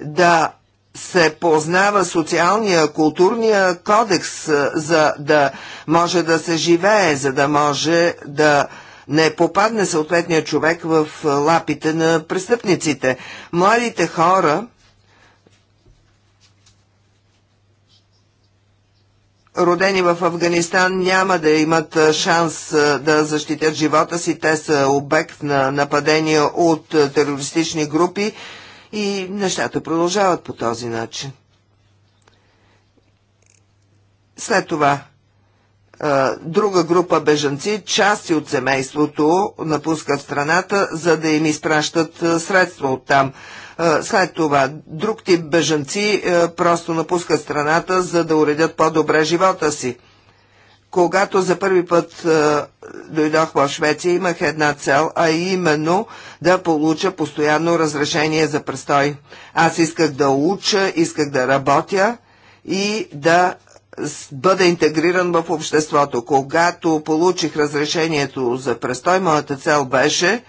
да се познава социалния, културния кодекс, е, за да може да се живее, за да може да не попадне съответния човек в е, лапите на престъпниците. Младите хора родени в Афганистан няма да имат е, шанс да защитят живота си. Те са обект на нападения от терористични групи и нещата продължават по този начин. След това друга група бежанци, части от семейството напускат страната, за да им изпращат средства от там. След това друг тип бежанци просто напускат страната, за да уредят по-добре живота си когато за първи път е, дойдох в Швеция, имах една цел, а именно да получа постоянно разрешение за престой. Аз исках да уча, исках да работя и да бъда интегриран в обществото. Когато получих разрешението за престой, моята цел беше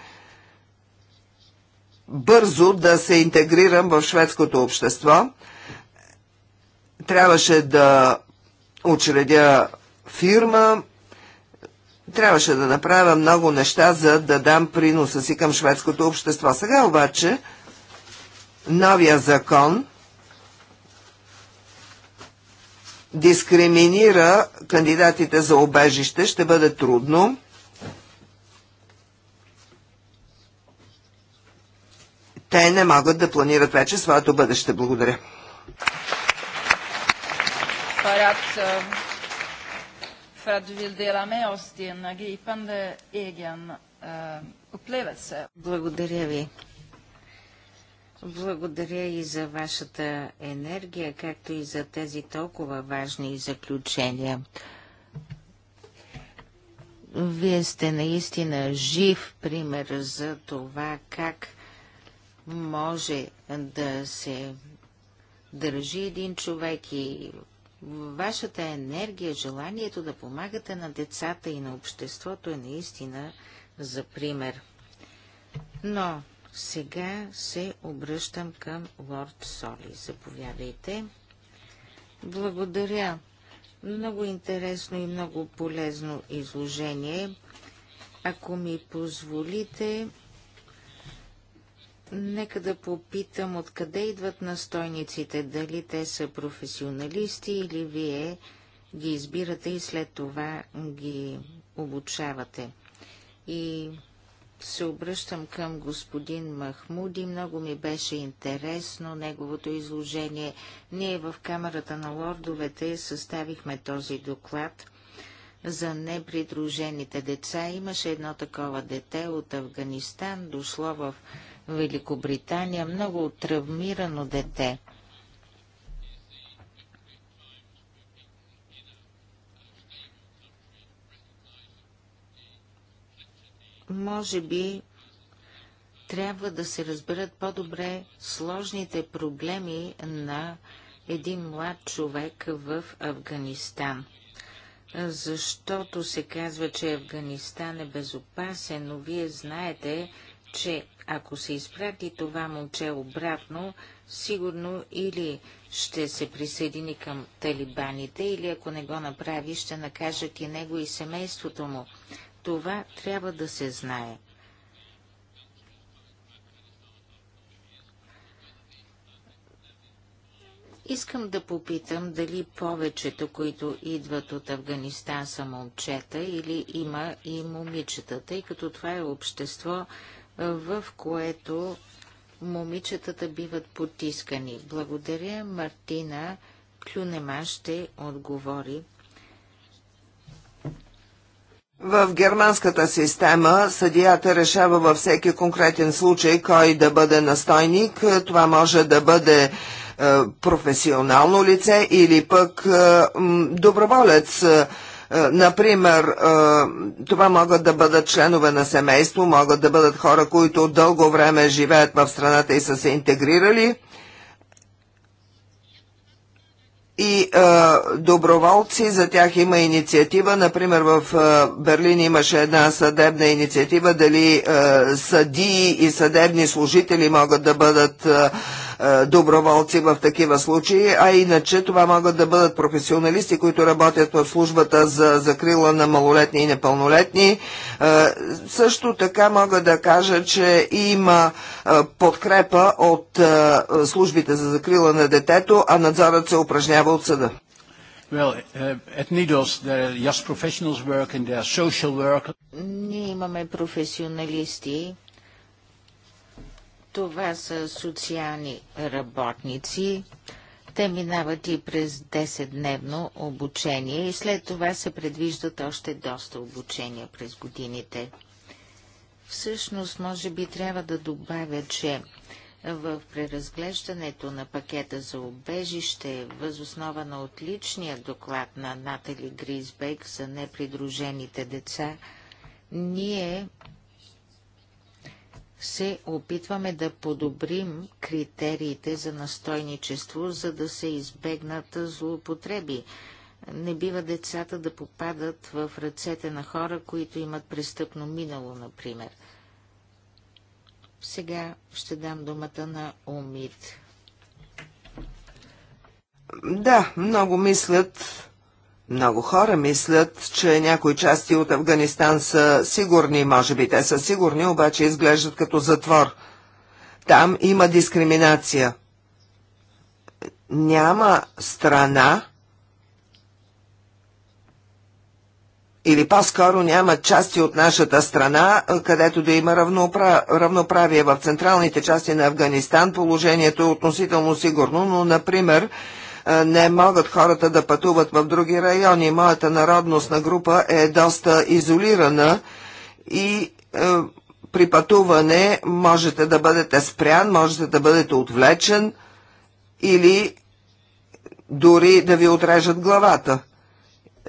бързо да се интегрирам в шведското общество. Трябваше да учредя фирма. Трябваше да направя много неща, за да дам приноса си към шведското общество. Сега обаче новия закон дискриминира кандидатите за обежище. Ще бъде трудно. те не могат да планират вече своето бъдеще. Благодаря för att du vill dela med oss din gripande egen eh, upplevelse. Благодаря ви. Благодаря и за вашата енергия, както и за тези толкова важни заключения. Вие сте наистина жив пример за това как може да се държи един човек и Вашата енергия, желанието да помагате на децата и на обществото е наистина за пример. Но сега се обръщам към лорд Соли. Заповядайте. Благодаря. Много интересно и много полезно изложение. Ако ми позволите, Нека да попитам откъде идват настойниците, дали те са професионалисти или вие ги избирате и след това ги обучавате. И се обръщам към господин Махмуди. Много ми беше интересно неговото изложение. Ние в Камерата на лордовете съставихме този доклад за непридружените деца. Имаше едно такова дете от Афганистан, дошло в Великобритания, много травмирано дете. Може би трябва да се разберат по-добре сложните проблеми на един млад човек в Афганистан. Защото се казва, че Афганистан е безопасен, но вие знаете, че ако се изпрати това момче обратно, сигурно или ще се присъедини към талибаните, или ако не го направи, ще накажат и него и семейството му. Това трябва да се знае. Искам да попитам дали повечето, които идват от Афганистан са момчета или има и момичета, тъй като това е общество, в което момичетата биват потискани. Благодаря, Мартина Клюнема ще отговори. В германската система съдията решава във всеки конкретен случай кой да бъде настойник. Това може да бъде е, професионално лице или пък е, доброволец. Е, например, е, това могат да бъдат членове на семейство, могат да бъдат хора, които дълго време живеят в страната и са се интегрирали. И е, доброволци, за тях има инициатива. Например, в е, Берлин имаше една съдебна инициатива, дали е, съдии и съдебни служители могат да бъдат Е, е, доброволци в такива случаи, а иначе това могат да бъдат професионалисти, които работят в службата за закрила на малолетни и непълнолетни. Е, също така мога да кажа, че има е, подкрепа от службите за закрила на детето, а надзорът се упражнява от съда. Well, at NIDOS, there are just professionals work and there are social work. Ние имаме професионалисти, това са социални работници. Те минават и през 10-дневно обучение и след това се предвиждат още доста обучения през годините. Всъщност, може би трябва да добавя, че в преразглеждането на пакета за обежище, възоснова на отличния доклад на Натали Гризбек за непридружените деца, ние се опитваме да подобрим критериите за настойничество, за да се избегнат злоупотреби. Не бива децата да попадат в ръцете на хора, които имат престъпно минало, например. Сега ще дам думата на Умит. Да, много мислят много хора мислят, че някои части от Афганистан са сигурни, може би те са сигурни, обаче изглеждат като затвор. Там има дискриминация. Няма страна, или по-скоро няма части от нашата страна, където да има равнопра... равноправие. В централните части на Афганистан положението е относително сигурно, но, например, е, не могат хората да пътуват в други райони. Моята народностна група е доста изолирана и е, при пътуване можете да бъдете спрян, можете да бъдете отвлечен или дори да ви отрежат главата.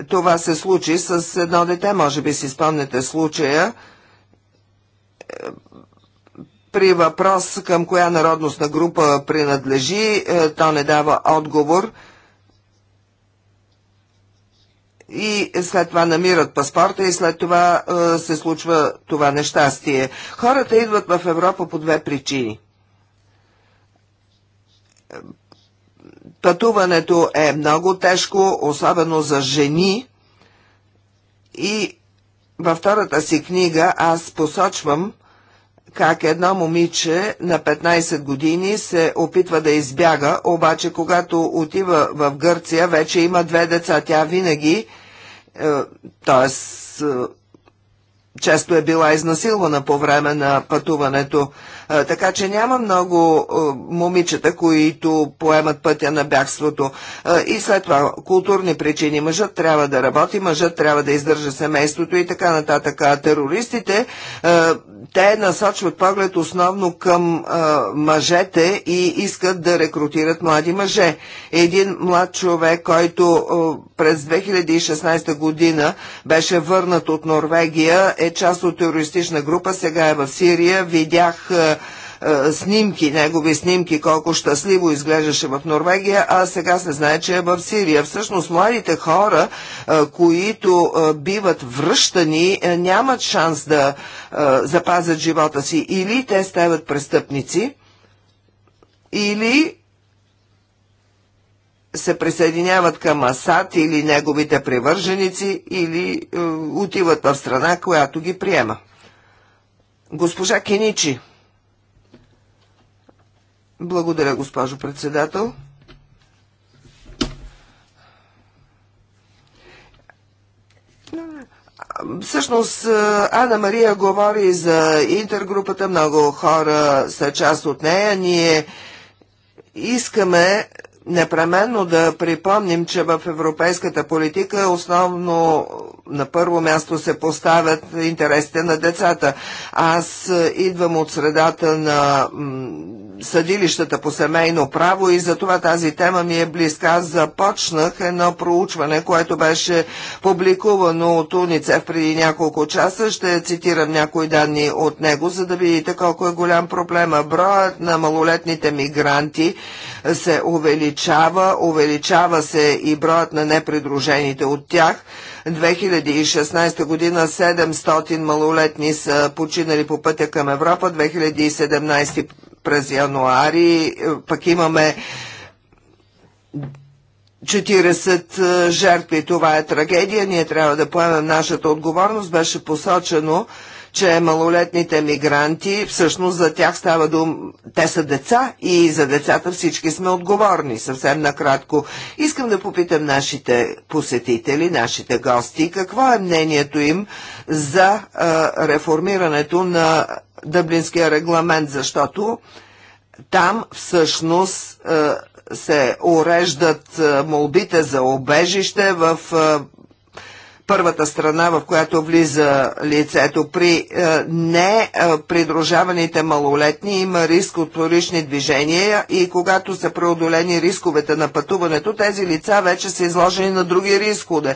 Това се случи с едно дете, може би си спомнете случая. Е, при въпрос към коя народностна група принадлежи, е, то не дава отговор и след това намират паспорта и след това е, се случва това нещастие. Хората идват в Европа по две причини. Пътуването е много тежко, особено за жени и във втората си книга аз посочвам, как едно момиче на 15 години се опитва да избяга, обаче когато отива в Гърция, вече има две деца. Тя винаги, т.е. Е, често е била изнасилвана по време на пътуването. Така че няма много момичета, които поемат пътя на бягството. И след това културни причини. Мъжът трябва да работи, мъжът трябва да издържа семейството и така нататък. А терористите, те насочват поглед основно към мъжете и искат да рекрутират млади мъже. Един млад човек, който през 2016 година беше върнат от Норвегия, е част от терористична група, сега е в Сирия. Видях е, снимки, негови снимки, колко щастливо изглеждаше в Норвегия, а сега се знае, че е в Сирия. Всъщност младите хора, е, които е, биват връщани, нямат шанс да запазят живота си. Или те стават престъпници, или се присъединяват към Асад или неговите привърженици, или е, отиват в страна, която ги приема. Госпожа Кеничи. Благодаря, госпожо председател. Всъщност, Ана Мария говори за интергрупата, много хора са част от нея. Ние искаме непременно да припомним, че в европейската политика основно на първо място се поставят интересите на децата. Аз е, идвам от средата на съдилищата по семейно право и затова тази тема ми е близка. Аз започнах едно проучване, което беше публикувано от Уницев преди няколко часа. Ще цитирам някои данни от него, за да видите колко е голям проблема. Броят на малолетните мигранти се увеличава, увеличава се и броят на непридружените от тях – 2016 година 700 малолетни са починали по пътя към Европа, 2017 през януари е, пък имаме 40 е, жертви. Това е трагедия. Ние трябва да поемем нашата отговорност. Беше посочено, че малолетните мигранти, всъщност за тях става дум, те са деца и за децата всички сме отговорни. Съвсем накратко искам да попитам нашите посетители, нашите гости, какво е мнението им за а, реформирането на Дъблинския регламент, защото там всъщност а, се уреждат молбите за обежище в първата страна, в която влиза лицето. При е, не е, придружаваните малолетни има риск от вторични движения и когато са преодолени рисковете на пътуването, тези лица вече са изложени на други рискове.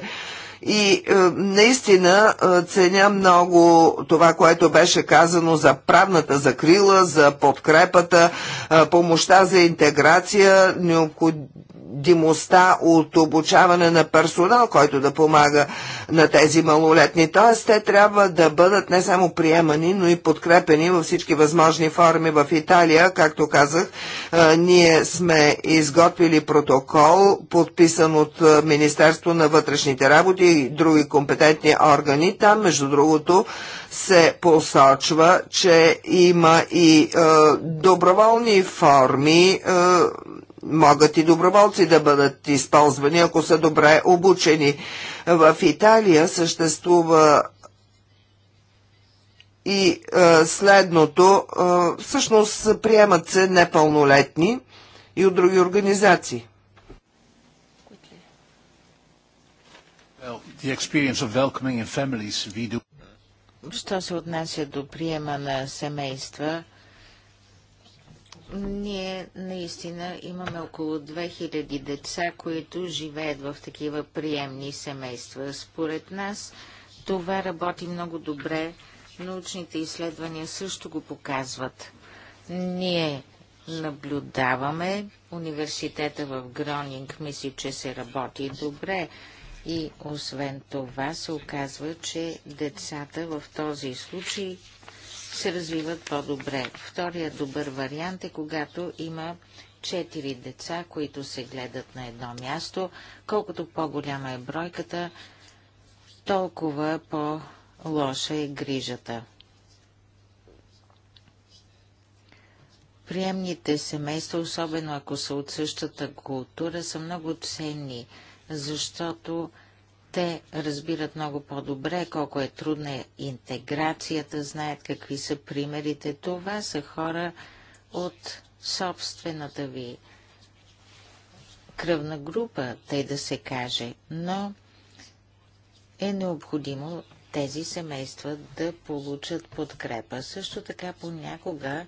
И е, наистина е, ценя много това, което беше казано за правната закрила, за подкрепата, е, помощта за интеграция, необходимостта от обучаване на персонал, който да помага на тези малолетни. Т.е. те трябва да бъдат не само приемани, но и подкрепени във всички възможни форми в Италия. Както казах, е, ние сме изготвили протокол, подписан от е, Министерство на вътрешните работи или други компетентни органи. Там, между другото, се посочва, че има и е, доброволни форми. Е, могат и доброволци да бъдат използвани, ако са добре обучени. В Италия съществува и е, следното, е, всъщност приемат се непълнолетни и от други организации. the experience of welcoming in families we do. Що се отнася до приема на семейства, ние наистина имаме около 2000 деца, които живеят в такива приемни семейства. Според нас това работи много добре. Научните изследвания също го показват. Ние наблюдаваме. Университета в Гронинг мисли, че се работи добре. И освен това се оказва, че децата в този случай се развиват по-добре. Вторият добър вариант е, когато има четири деца, които се гледат на едно място. Колкото по-голяма е бройката, толкова по-лоша е грижата. Приемните семейства, особено ако са от същата култура, са много ценни – защото те разбират много по-добре колко е трудна е интеграцията, знаят какви са примерите. Това са хора от собствената ви кръвна група, тъй да се каже, но е необходимо тези семейства да получат подкрепа. Също така понякога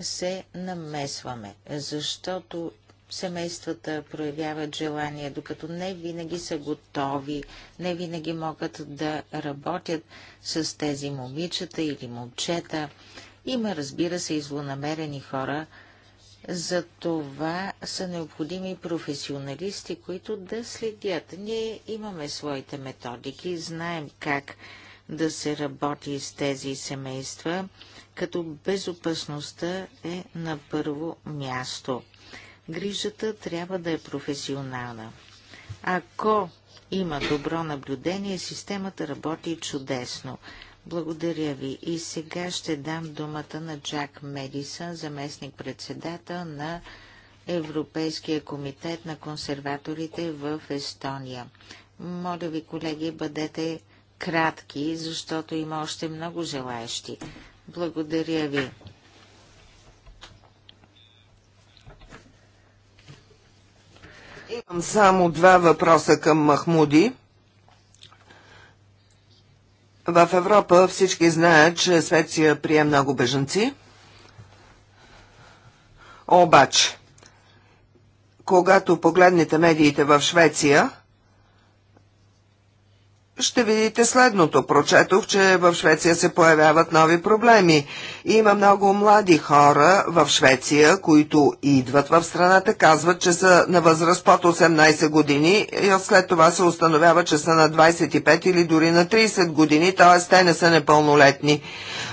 се намесваме, защото семействата проявяват желание, докато не винаги са готови, не винаги могат да работят с тези момичета или момчета. Има, разбира се, и злонамерени хора. За това са необходими професионалисти, които да следят. Ние имаме своите методики, знаем как да се работи с тези семейства, като безопасността е на първо място грижата трябва да е професионална. Ако има добро наблюдение, системата работи чудесно. Благодаря ви. И сега ще дам думата на Джак Медисън, заместник-председател на Европейския комитет на консерваторите в Естония. Моля ви, колеги, бъдете кратки, защото има още много желаящи. Благодаря ви. Имам само два въпроса към Махмуди. В Европа всички знаят, че Швеция прие много бежанци. Обаче, когато погледнете медиите в Швеция, ще видите следното. Прочетох, че в Швеция се появяват нови проблеми. Има много млади хора в Швеция, които идват в страната, казват, че са на възраст под 18 години и след това се установява, че са на 25 или дори на 30 години, т.е. те не са непълнолетни.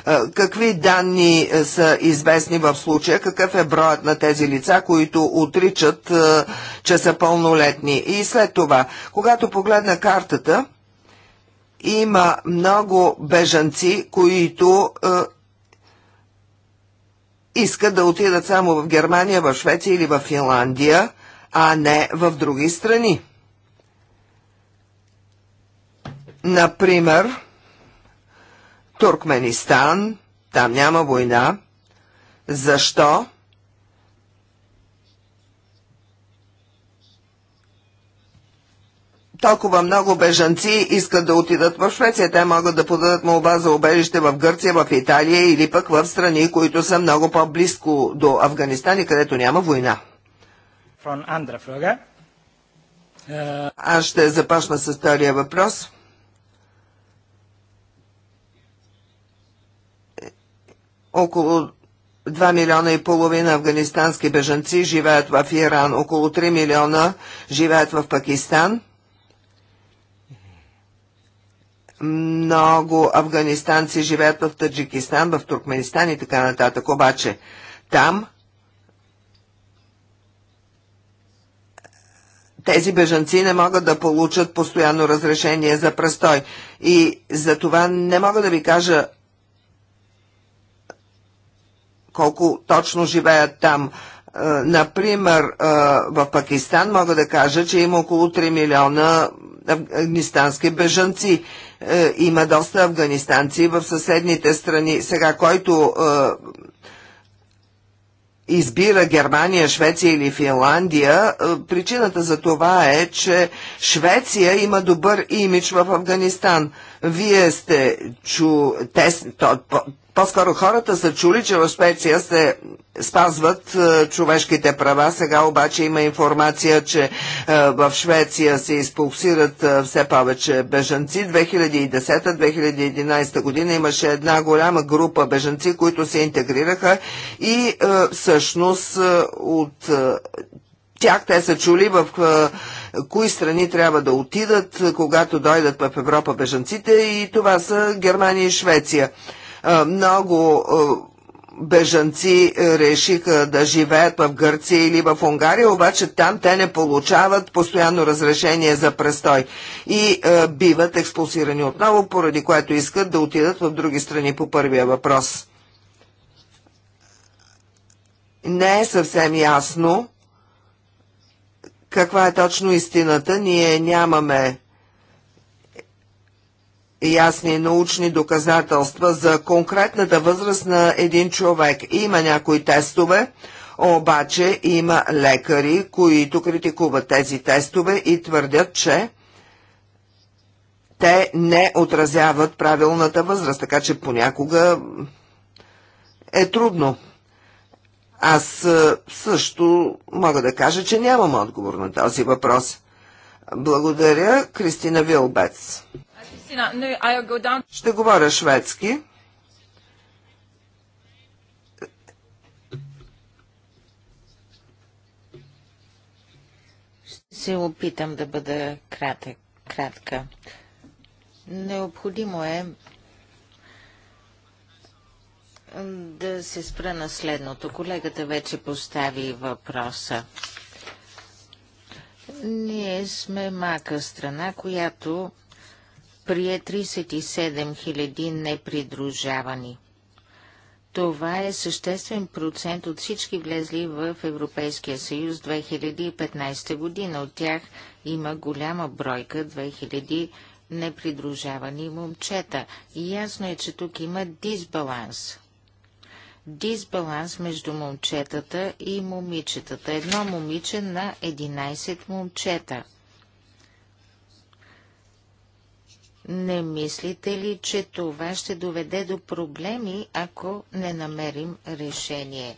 Е, какви данни е, са известни в случая? Какъв е броят на тези лица, които отричат, е, че са пълнолетни? И след това, когато погледна картата, има много бежанци, които е, искат да отидат само в Германия, в Швеция или в Финландия, а не в други страни. Например, Туркменистан, там няма война. Защо? толкова много бежанци искат да отидат в Швеция. Те могат да подадат молба за убежище в Гърция, в Италия или пък в страни, които са много по-близко до Афганистан и където няма война. Аз ще започна с втория въпрос. Около 2 милиона и половина афганистански бежанци живеят в Иран, около 3 милиона живеят в Пакистан – много афганистанци живеят в Таджикистан, в Туркменистан и така нататък. Обаче там Тези бежанци не могат да получат постоянно разрешение за престой. И за това не мога да ви кажа колко точно живеят там. Е, например, е, в Пакистан мога да кажа, че има около 3 милиона афганистански бежанци е, има доста афганистанци в съседните страни. Сега, който е, избира Германия, Швеция или Финландия, е, причината за това е, че Швеция има добър имидж в Афганистан. Вие сте чу... Тес по-скоро хората са чули, че в Швеция се спазват е, човешките права. Сега обаче има информация, че е, в Швеция се изпулсират е, все повече бежанци. 2010-2011 година имаше една голяма група бежанци, които се интегрираха и всъщност от тях те са чули в кои страни трябва да отидат, когато дойдат в Европа бежанците и това са Германия и Швеция. Много бежанци решиха да живеят в Гърция или в Унгария, обаче там те не получават постоянно разрешение за престой и биват експулсирани отново, поради което искат да отидат в други страни по първия въпрос. Не е съвсем ясно каква е точно истината. Ние нямаме ясни научни доказателства за конкретната възраст на един човек. Има някои тестове, обаче има лекари, които критикуват тези тестове и твърдят, че те не отразяват правилната възраст, така че понякога е трудно. Аз е, също мога да кажа, че нямам отговор на този въпрос. Благодаря, Кристина Вилбец. Ще говоря шведски. Ще се опитам да бъда кратък, кратка. Необходимо е да се спра на следното. Колегата вече постави въпроса. Ние сме мака страна, която прие 37 000 непридружавани. Това е съществен процент от всички влезли в Европейския съюз 2015 година. От тях има голяма бройка 2000 непридружавани момчета. И ясно е, че тук има дисбаланс. Дисбаланс между момчетата и момичетата. Едно момиче на 11 момчета – Не мислите ли, че това ще доведе до проблеми, ако не намерим решение?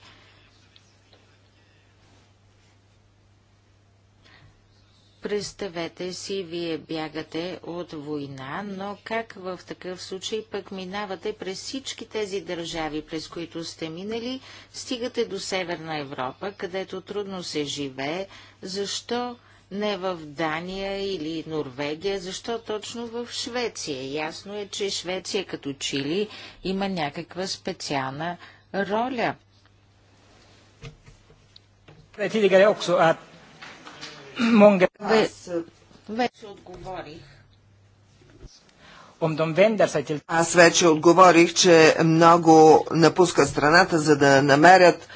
Представете си, вие бягате от война, но как в такъв случай пък минавате през всички тези държави, през които сте минали, стигате до Северна Европа, където трудно се живее, защо не в Дания или Норвегия, защо точно в Швеция? Ясно е, че Швеция като Чили има някаква специална роля. Вече отговорих. Аз вече отговорих, че много напускат страната, за да намерят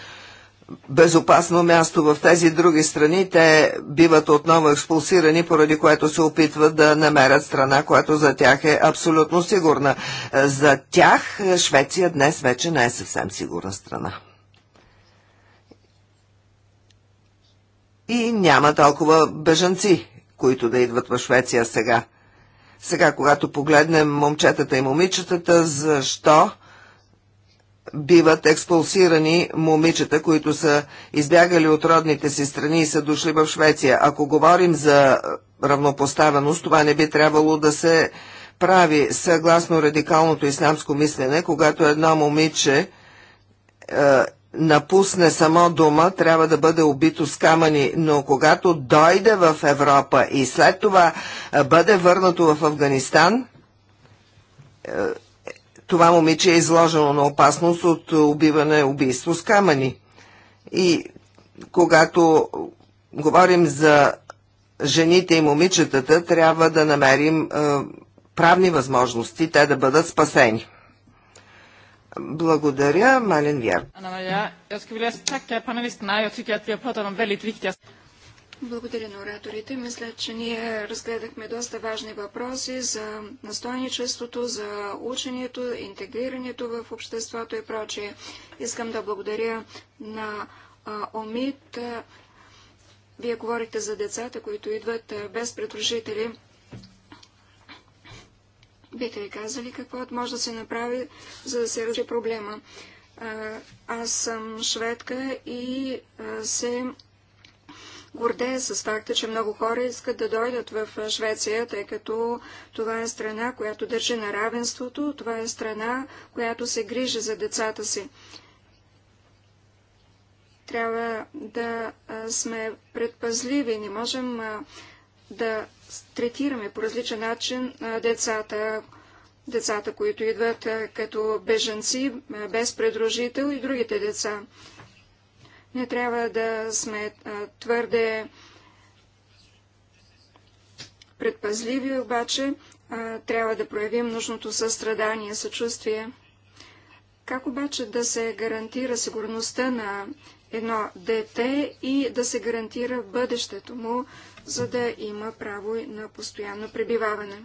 безопасно място в тези други страни, те биват отново експулсирани, поради което се опитват да намерят страна, която за тях е абсолютно сигурна. За тях Швеция днес вече не е съвсем сигурна страна. И няма толкова бежанци, които да идват в Швеция сега. Сега, когато погледнем момчетата и момичетата, защо биват експулсирани момичета, които са избягали от родните си страни и са дошли в Швеция. Ако говорим за равнопоставеност, това не би трябвало да се прави съгласно радикалното ислямско мислене, когато едно момиче е, напусне само дома, трябва да бъде убито с камъни, но когато дойде в Европа и след това е, бъде върнато в Афганистан, е, това момиче е изложено на опасност от е, убиване, убийство с камъни. И когато говорим за жените и момичетата, трябва да намерим е, правни възможности те да бъдат спасени. Благодаря, Малин Вяр. Благодаря на ораторите. Мисля, че ние разгледахме доста важни въпроси за настойничеството, за ученето, интегрирането в обществото и прочие. Искам да благодаря на ОМИД. Вие говорите за децата, които идват без предложители. Бите ли казали какво може да се направи, за да се реши проблема? Аз съм шведка и се Гордея с факта, че много хора искат да дойдат в Швеция, тъй като това е страна, която държи на равенството, това е страна, която се грижи за децата си. Трябва да сме предпазливи, не можем да третираме по различен начин децата, децата, които идват като беженци без предружител и другите деца. Не трябва да сме твърде предпазливи, обаче трябва да проявим нужното състрадание, съчувствие. Как обаче да се гарантира сигурността на едно дете и да се гарантира бъдещето му, за да има право на постоянно пребиваване?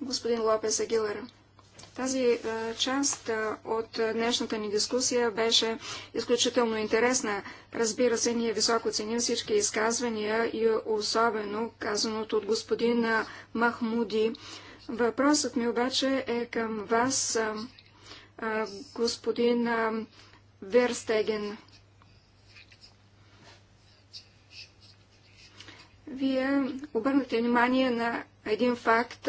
Господин Лопес Агилера. Тази е, част е, от днешната ни дискусия беше изключително интересна. Разбира се, ние високо ценим всички изказвания и особено казаното от господин е, Махмуди. Въпросът ми обаче е към вас, господин Верстеген. Вие обърнахте внимание на един факт,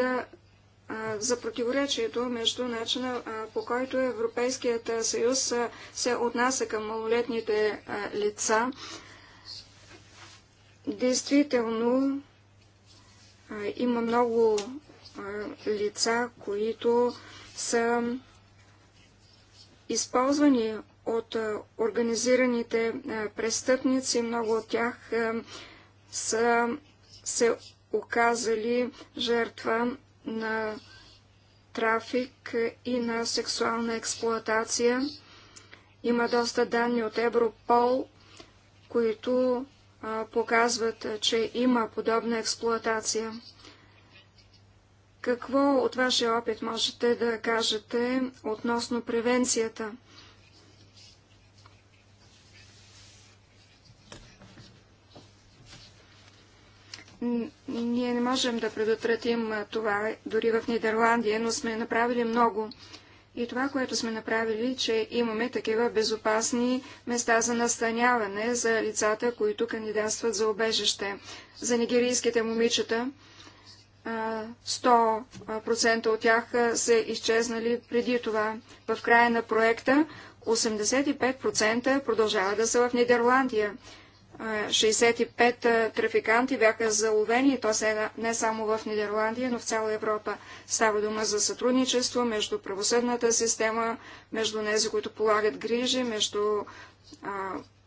за противоречието между начина по който Европейският съюз се отнася към малолетните лица. Действително има много лица, които са използвани от организираните престъпници. Много от тях са се оказали жертва на трафик и на сексуална експлоатация. Има доста данни от Европол, които а, показват, че има подобна експлоатация. Какво от вашия опит можете да кажете относно превенцията? Ние не можем да предотвратим това дори в Нидерландия, но сме направили много. И това, което сме направили, че имаме такива безопасни места за настаняване за лицата, които кандидатстват за обежище. За нигерийските момичета 100% от тях са изчезнали преди това. В края на проекта 85% продължава да са в Нидерландия. 65 трафиканти бяха заловени, и то са е не само в Нидерландия, но в цяла Европа. Става дума за сътрудничество между правосъдната система, между нези, които полагат грижи, между а,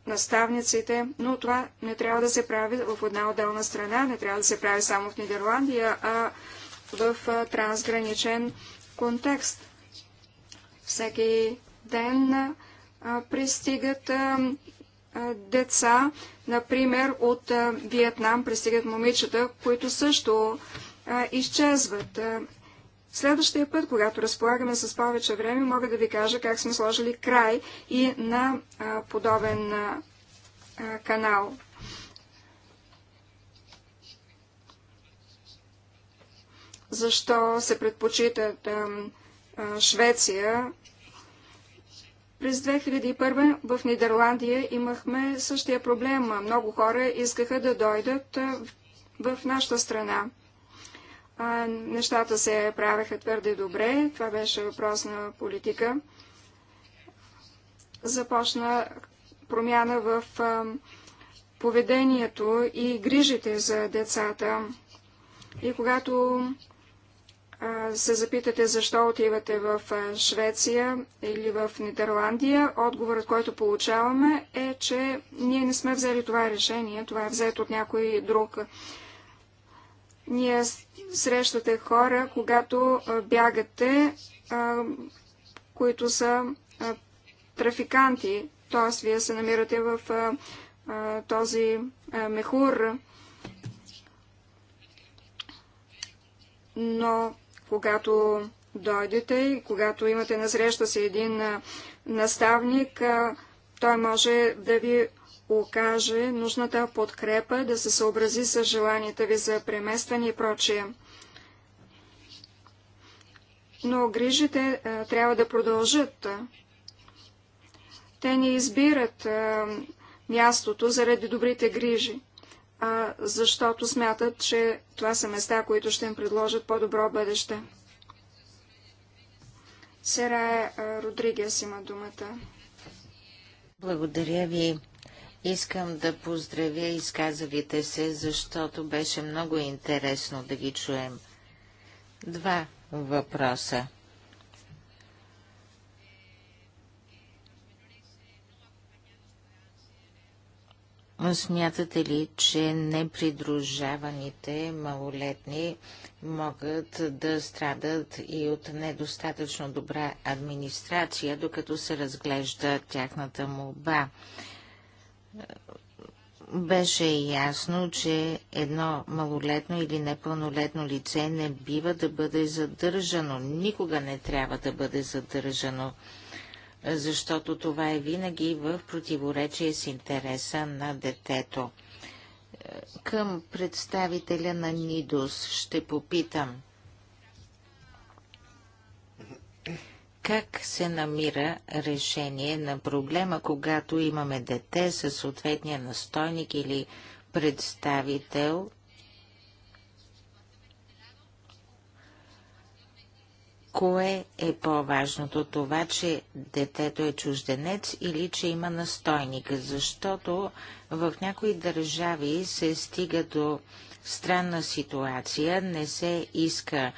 наставниците, но това не трябва да се прави в една отделна страна, не трябва да се прави само в Нидерландия, а в а, трансграничен контекст. Всеки ден а, пристигат деца. Например, от Виетнам пристигат момичета, които също изчезват. Следващия път, когато разполагаме с повече време, мога да ви кажа как сме сложили край и на подобен канал. Защо се предпочитат Швеция през 2001 в Нидерландия имахме същия проблем. Много хора искаха да дойдат в нашата страна. нещата се правеха твърде добре. Това беше въпрос на политика. Започна промяна в поведението и грижите за децата. И когато се запитате защо отивате в Швеция или в Нидерландия, отговорът, който получаваме е, че ние не сме взели това решение, това е взето от някой друг. Ние срещате хора, когато бягате, които са трафиканти, т.е. вие се намирате в този мехур, но когато дойдете и когато имате на среща си един наставник, той може да ви окаже нужната подкрепа, да се съобрази с желанията ви за преместване и прочие. Но грижите трябва да продължат. Те не избират мястото заради добрите грижи а защото смятат, че това са места, които ще им предложат по-добро бъдеще. Сера Родригес има думата. Благодаря ви. Искам да поздравя изказалите се, защото беше много интересно да ги чуем. Два въпроса. Смятате ли, че непридружаваните малолетни могат да страдат и от недостатъчно добра администрация, докато се разглежда тяхната молба? Беше ясно, че едно малолетно или непълнолетно лице не бива да бъде задържано. Никога не трябва да бъде задържано защото това е винаги в противоречие с интереса на детето. Към представителя на НИДОС ще попитам. Как се намира решение на проблема, когато имаме дете със съответния настойник или представител Кое е по-важното? Това, че детето е чужденец или че има настойник? Защото в някои държави се стига до странна ситуация, не се иска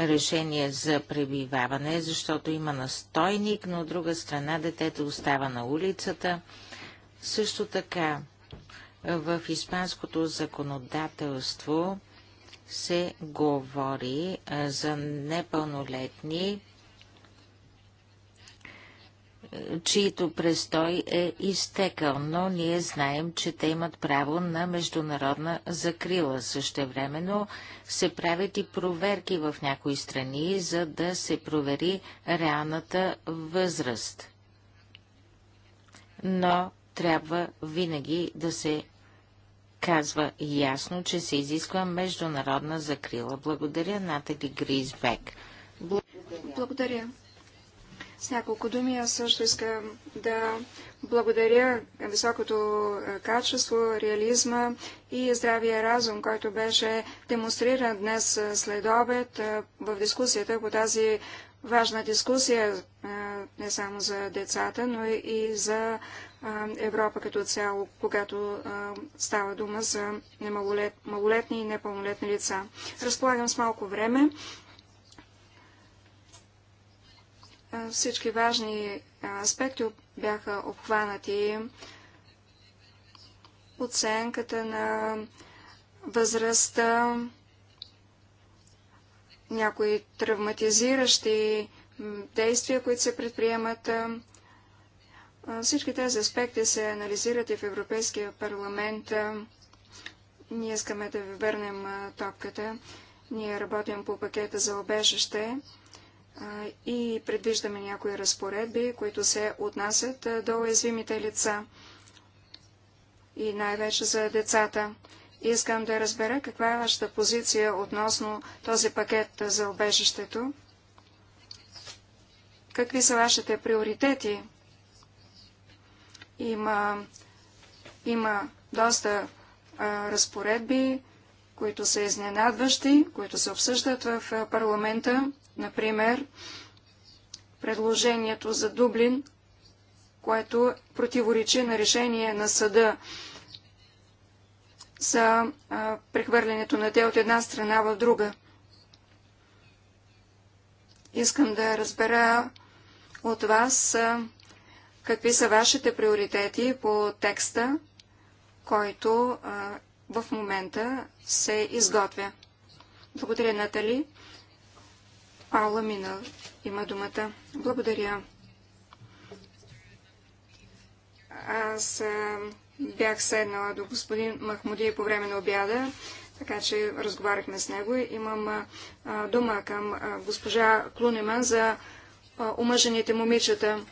решение за пребиваване, защото има настойник, но от друга страна детето остава на улицата. Също така, в испанското законодателство се говори за непълнолетни, чието престой е изтекал, но ние знаем, че те имат право на международна закрила. Същевременно се правят и проверки в някои страни, за да се провери реалната възраст. Но трябва винаги да се казва ясно, че се изисква международна закрила. Благодаря, Натали Гризбек. Благодаря. Благодаря. С няколко думи аз също искам да благодаря високото качество, реализма и здравия разум, който беше демонстриран днес след обед в дискусията по тази важна дискусия не само за децата, но и за Европа като цяло, когато става дума за малолетни и непълнолетни лица. Разполагам с малко време. Всички важни аспекти бяха обхванати. Оценката на възрастта, някои травматизиращи действия, които се предприемат, всички тези аспекти се анализират и в Европейския парламент. Ние искаме да ви върнем топката. Ние работим по пакета за обежище и предвиждаме някои разпоредби, които се отнасят до уязвимите лица и най-вече за децата. Искам да разбера каква е вашата позиция относно този пакет за обежището. Какви са вашите приоритети има, има доста а, разпоредби, които са изненадващи, които се обсъждат в парламента. Например, предложението за Дублин, което противоречи на решение на съда за а, прехвърлянето на те от една страна в друга. Искам да разбера от вас а, какви са вашите приоритети по текста, който а, в момента се изготвя. Благодаря, Натали. Паула Минал има думата. Благодаря. Аз а, бях седнала до господин Махмуди по време на обяда, така че разговаряхме с него. Имам а, дума към а, госпожа Клунеман за омъжените момичета.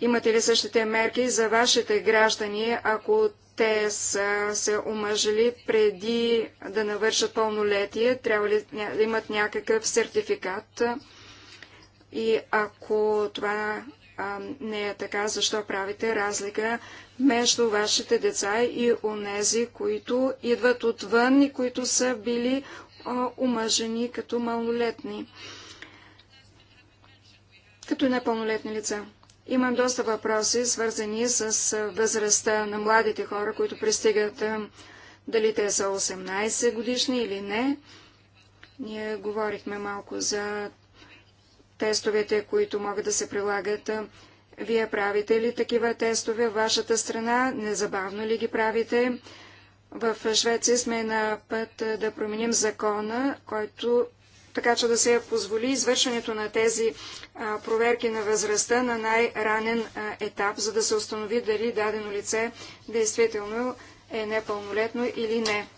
Имате ли същите мерки за вашите граждани, ако те са се омъжили преди да навършат пълнолетие? Трябва ли да имат някакъв сертификат? И ако това а, не е така, защо правите разлика между вашите деца и онези, които идват отвън и които са били омъжени като малолетни, като непълнолетни лица? Имам доста въпроси, свързани с възрастта на младите хора, които пристигат, дали те са 18 годишни или не. Ние говорихме малко за тестовете, които могат да се прилагат. Вие правите ли такива тестове в вашата страна? Незабавно ли ги правите? В Швеция сме на път да променим закона, който така че да се позволи извършването на тези проверки на възрастта на най-ранен етап, за да се установи дали дадено лице действително е непълнолетно или не.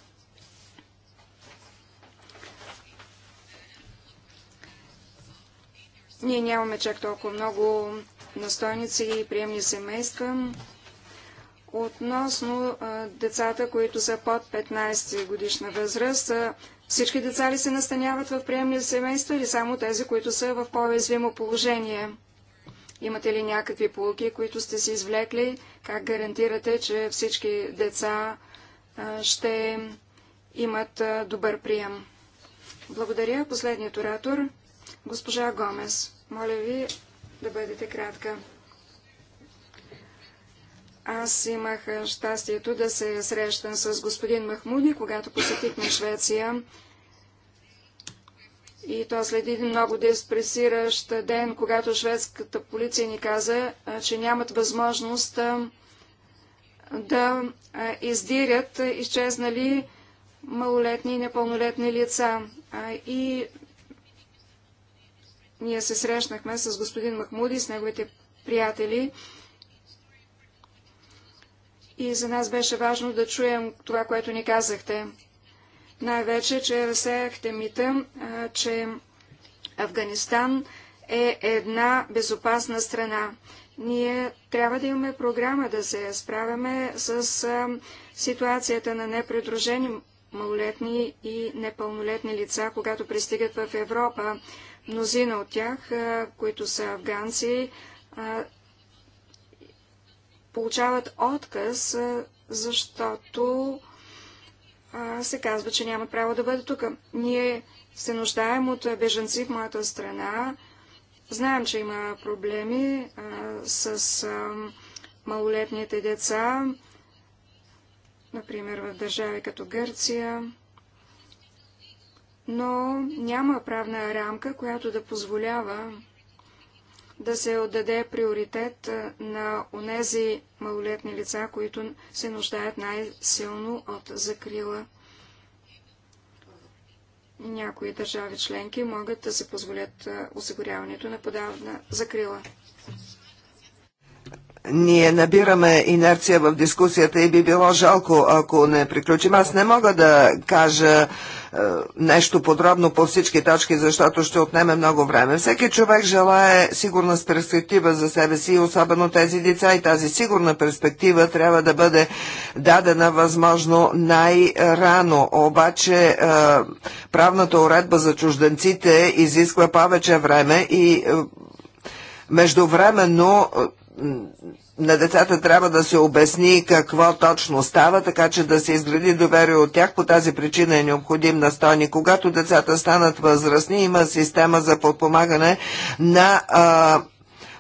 Ние нямаме чак толкова много настойници и приемни семейства. Относно а, децата, които са под 15 годишна възраст, а, всички деца ли се настаняват в приемни семейства или само тези, които са в по-уязвимо положение? Имате ли някакви полуки, които сте си извлекли? Как гарантирате, че всички деца ще имат добър прием? Благодаря. Последният оратор, госпожа Гомес. Моля ви да бъдете кратка. Аз имах щастието да се срещам с господин Махмуди, когато посетихме Швеция. И то след един много деспресиращ ден, когато шведската полиция ни каза, че нямат възможност да издирят изчезнали малолетни и непълнолетни лица. И ние се срещнахме с господин Махмуди, с неговите приятели и за нас беше важно да чуем това, което ни казахте. Най-вече, че разсеяхте мита, а, че Афганистан е една безопасна страна. Ние трябва да имаме програма да се справяме с а, ситуацията на непредружени малолетни и непълнолетни лица, когато пристигат в Европа. Мнозина от тях, а, които са афганци, получават отказ, защото се казва, че нямат право да бъдат тук. Ние се нуждаем от беженци в моята страна. Знаем, че има проблеми а, с а, малолетните деца, например в държави като Гърция, но няма правна рамка, която да позволява да се отдаде приоритет на онези малолетни лица, които се нуждаят най-силно от закрила. Някои държави членки могат да се позволят осигуряването на подавна закрила. Ние набираме инерция в дискусията и би било жалко, ако не приключим. Аз не мога да кажа е, нещо подробно по всички точки, защото ще отнеме много време. Всеки човек желая сигурна перспектива за себе си, особено тези деца и тази сигурна перспектива трябва да бъде дадена възможно най-рано. Обаче е, правната уредба за чужденците изисква повече време и е, междувременно на децата трябва да се обясни какво точно става, така че да се изгради доверие от тях. По тази причина е необходим настойник. Когато децата станат възрастни, има система за подпомагане на а,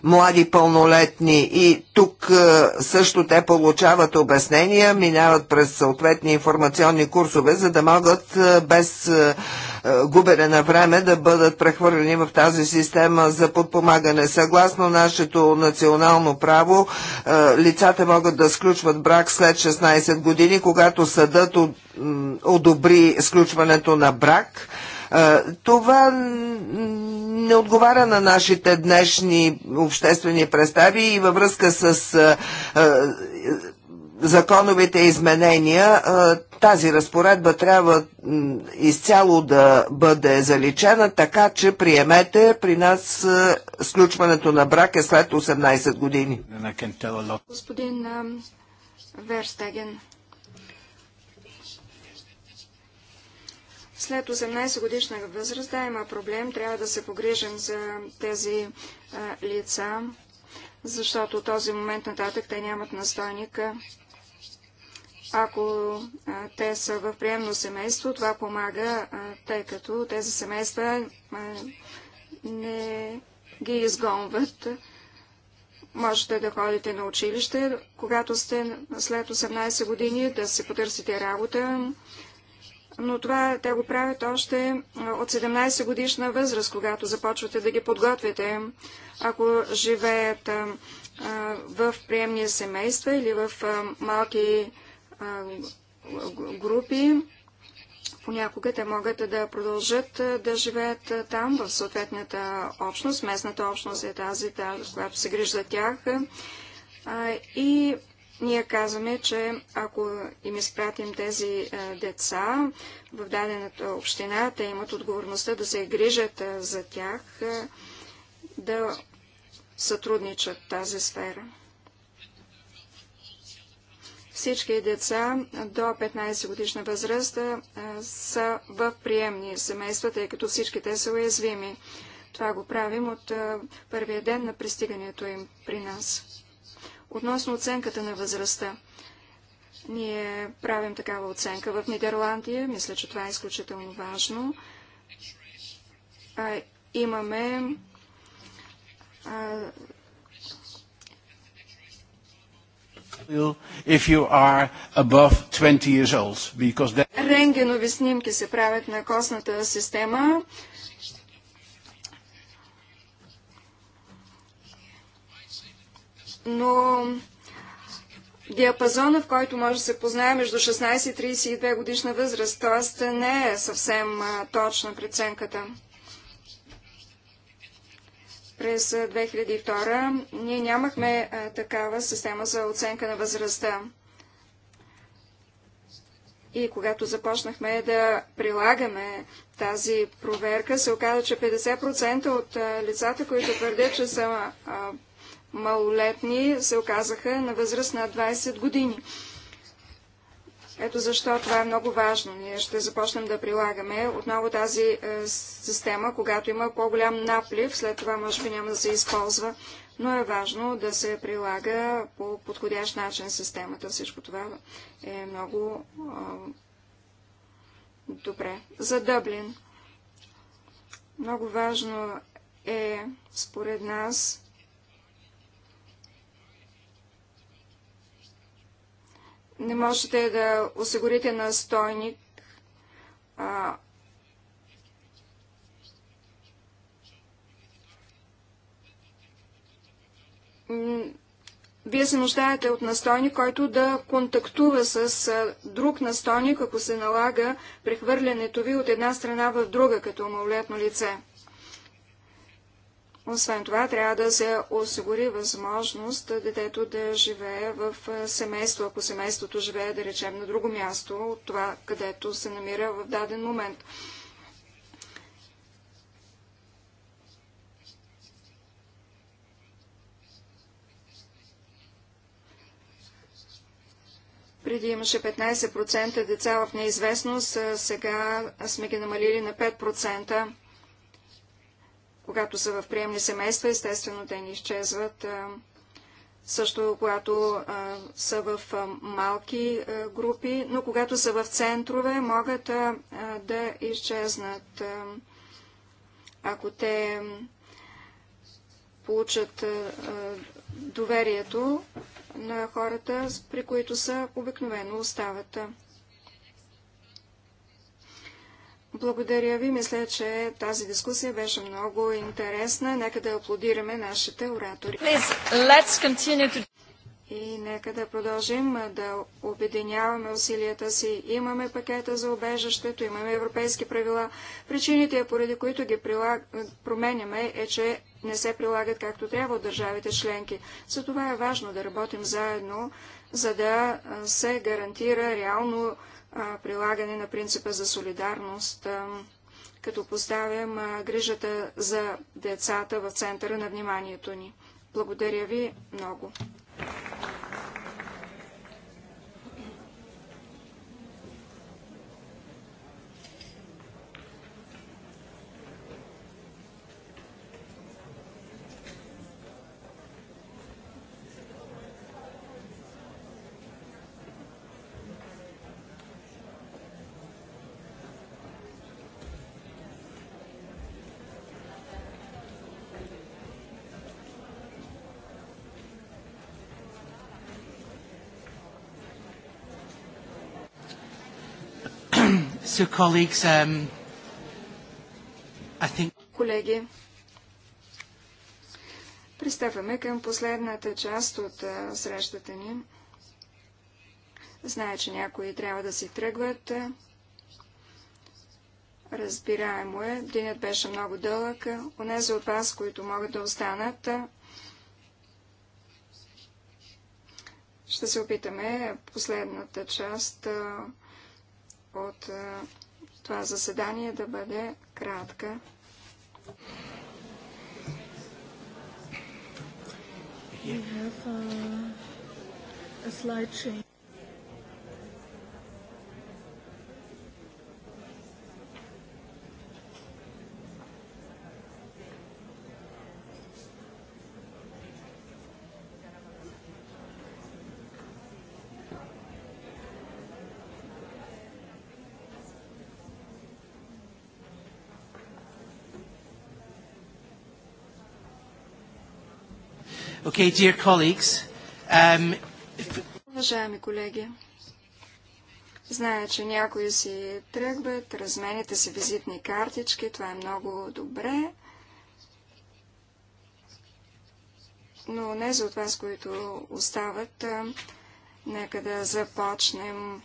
млади пълнолетни и тук е, също те получават обяснения, минават през съответни информационни курсове, за да могат е, без е, губене на време да бъдат прехвърлени в тази система за подпомагане. Съгласно нашето национално право, лицата могат да сключват брак след 16 години, когато съдът одобри сключването на брак е, това не отговаря на нашите днешни обществени представи и във връзка с е, е, законовите изменения тази разпоредба трябва изцяло да бъде заличена, така че приемете при нас сключването на брак е след 18 години. Господин Верстеген, след 18 годишна възраст, да, има проблем, трябва да се погрижим за тези а, лица, защото от този момент нататък те нямат настойника. Ако а, те са в приемно семейство, това помага, а, тъй като тези семейства а, не ги изгонват. Можете да ходите на училище, когато сте след 18 години, да се потърсите работа, но това те го правят още е, от 17 годишна възраст, когато започвате да ги подготвяте. Ако живеят е, е, в приемни семейства или в малки групи, понякога те могат да продължат да живеят там, в съответната общност. Местната общност е тази, тази която се грижи за тях. И ние казваме, че ако им изпратим тези е, деца в дадената община, те имат отговорността да се грижат е, за тях, е, да сътрудничат тази сфера. Всички деца до 15 годишна възраст са в приемни семейства, тъй като всички те са уязвими. Това го правим от първия ден на пристигането им при нас. Относно оценката на възрастта. Ние правим такава оценка в Нидерландия. Мисля, че това е изключително важно. А, имаме ренгенови if you are above 20 years old, because that... Рентгенови снимки се правят на костната система но диапазона, в който може да се познае между 16 и 32 годишна възраст, т.е. не е съвсем точна преценката. През 2002 ние нямахме такава система за оценка на възрастта. И когато започнахме да прилагаме тази проверка, се оказа, че 50% от лицата, които твърдят, че са малолетни се оказаха на възраст на 20 години. Ето защо това е много важно. Ние ще започнем да прилагаме отново тази е, система, когато има по-голям наплив, след това може би няма да се използва, но е важно да се прилага по подходящ начин системата. Всичко това е много е, добре. За Дъблин. Много важно е, според нас, не можете да осигурите настойник, а, вие се нуждаете от настойник, който да контактува с друг настойник, ако се налага прехвърлянето ви от една страна в друга, като малолетно лице. Освен това, трябва да се осигури възможност детето да живее в семейство, ако семейството живее, да речем, на друго място от това, където се намира в даден момент. Преди имаше 15% деца в неизвестност, сега сме ги намалили на 5%. Когато са в приемни семейства, естествено те не изчезват. Също когато са в малки групи, но когато са в центрове, могат да изчезнат. Ако те получат доверието на хората, при които са обикновено остават. Благодаря ви. Мисля, че тази дискусия беше много интересна. Нека да аплодираме нашите оратори. Please, и нека да продължим да обединяваме усилията си. Имаме пакета за обежището, имаме европейски правила. Причините, поради които ги прилаг... променяме, е, че не се прилагат както трябва от държавите членки. Затова е важно да работим заедно, за да се гарантира реално прилагане на принципа за солидарност, като поставям грижата за децата в центъра на вниманието ни. Благодаря ви много. So colleagues, um, I think... Колеги, пристъпваме към последната част от срещата ни. Зная, че някои трябва да си тръгват. Разбираемо е, денят беше много дълъг. Унези от вас, които могат да останат, ще се опитаме последната част от е, това заседание да бъде кратка. We have a, uh, a slide change. Okay, dear colleagues, um... Уважаеми колеги, зная, че някои си тръгват, разменяте си визитни картички, това е много добре. Но не за от вас, които остават, нека да започнем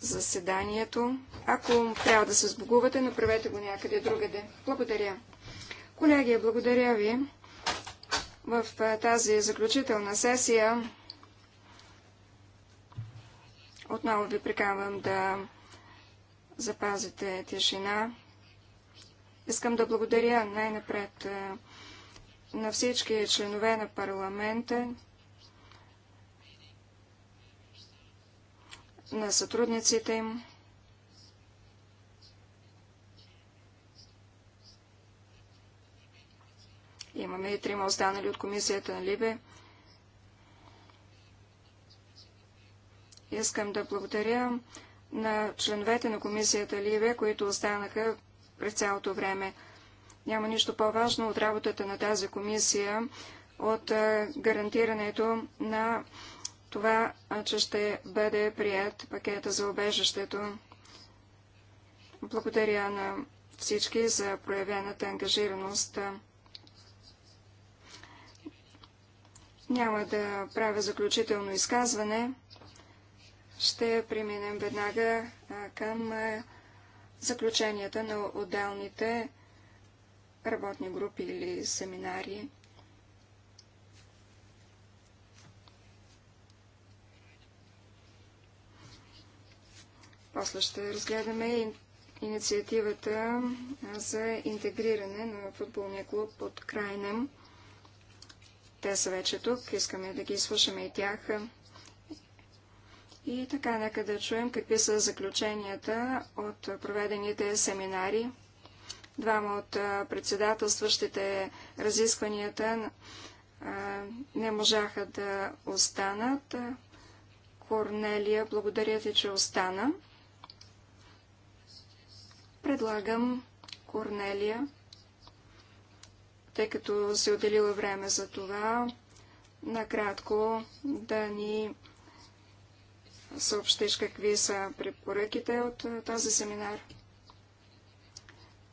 заседанието. Ако трябва да се сбогувате, направете го някъде другаде. Благодаря. Колеги, благодаря ви в тази заключителна сесия отново ви приканвам да запазите тишина. Искам да благодаря най-напред на всички членове на парламента, на сътрудниците им, Имаме и трима останали от комисията на Либе. Искам да благодаря на членовете на комисията Либе, които останаха през цялото време. Няма нищо по-важно от работата на тази комисия, от гарантирането на това, че ще бъде прият пакета за обежището. Благодаря на всички за проявената ангажираност. Няма да правя заключително изказване. Ще преминем веднага към заключенията на отделните работни групи или семинари. После ще разгледаме инициативата за интегриране на футболния клуб под Крайнем. Те са вече тук, искаме да ги слушаме и тях. И така, нека да чуем какви са заключенията от проведените семинари. Двама от председателстващите разискванията не можаха да останат. Корнелия, благодаря ти, че остана. Предлагам Корнелия тъй като се е отделила време за това, накратко да ни съобщиш какви са препоръките от този семинар.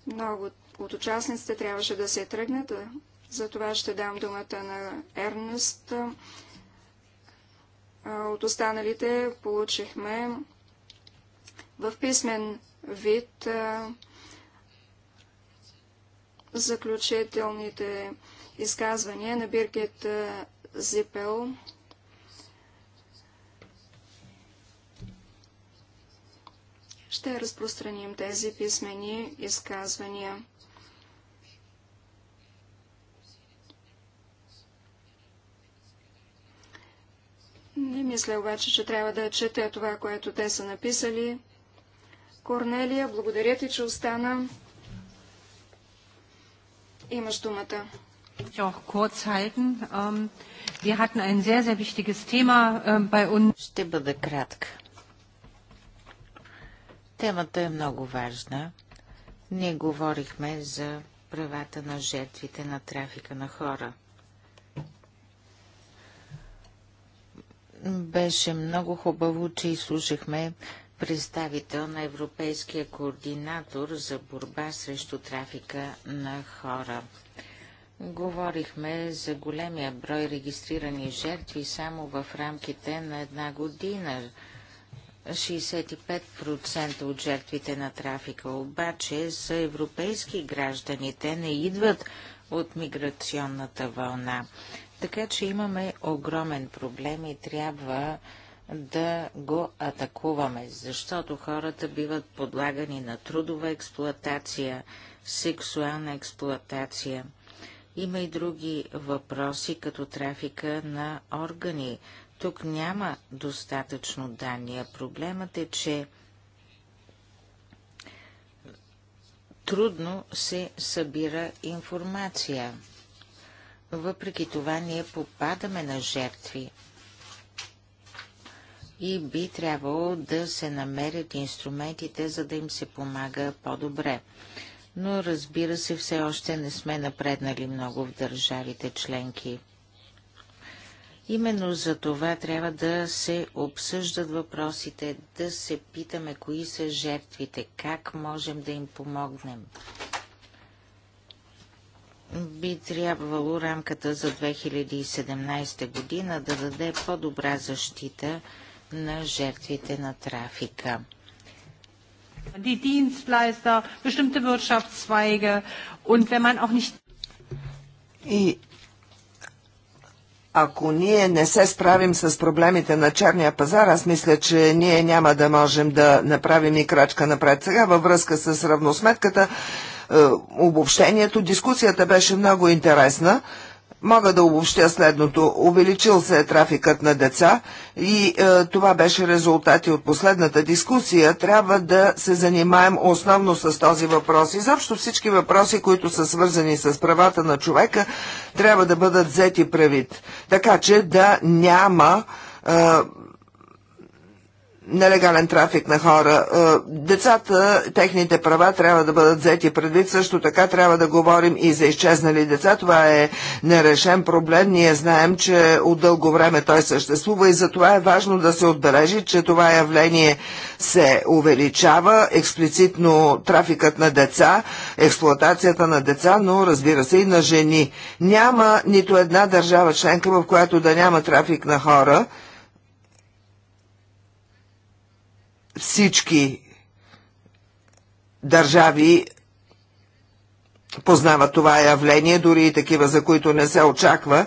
Много от участниците трябваше да се тръгнат, За това ще дам думата на Ернест. От останалите получихме в писмен вид заключителните изказвания на Биргет Зипел. Ще разпространим тези писмени изказвания. Не мисля обаче, че трябва да чете това, което те са написали. Корнелия, благодаря ти, че остана имаш думата. Ähm, ähm, Ще бъда кратка. Темата е много важна. Ние говорихме за правата на жертвите на трафика на хора. Беше много хубаво, че изслушахме представител на Европейския координатор за борба срещу трафика на хора. Говорихме за големия брой регистрирани жертви само в рамките на една година. 65% от жертвите на трафика обаче са европейски граждани. Те не идват от миграционната вълна. Така че имаме огромен проблем и трябва да го атакуваме, защото хората биват подлагани на трудова експлоатация, сексуална експлоатация. Има и други въпроси, като трафика на органи. Тук няма достатъчно данни. Проблемът е, че трудно се събира информация. Въпреки това ние попадаме на жертви и би трябвало да се намерят инструментите, за да им се помага по-добре. Но разбира се, все още не сме напреднали много в държавите членки. Именно за това трябва да се обсъждат въпросите, да се питаме кои са жертвите, как можем да им помогнем. Би трябвало рамката за 2017 година да даде по-добра защита на жертвите на трафика. И ако ние не се справим с проблемите на черния пазар, аз мисля, че ние няма да можем да направим и крачка напред. Сега във връзка с равносметката, е, обобщението, дискусията беше много интересна. Мога да обобщя следното. Увеличил се е трафикът на деца и е, това беше резултати от последната дискусия. Трябва да се занимаем основно с този въпрос. Изобщо всички въпроси, които са свързани с правата на човека, трябва да бъдат взети правит. Така че да няма е, нелегален трафик на хора. Е, децата, техните права трябва да бъдат взети предвид. Също така трябва да говорим и за изчезнали деца. Това е нерешен проблем. Ние знаем, че от дълго време той съществува и за това е важно да се отбележи, че това явление се увеличава. Експлицитно трафикът на деца, експлуатацията на деца, но разбира се и на жени. Няма нито една държава членка, в която да няма трафик на хора. всички държави познават това явление, дори и такива, за които не се очаква.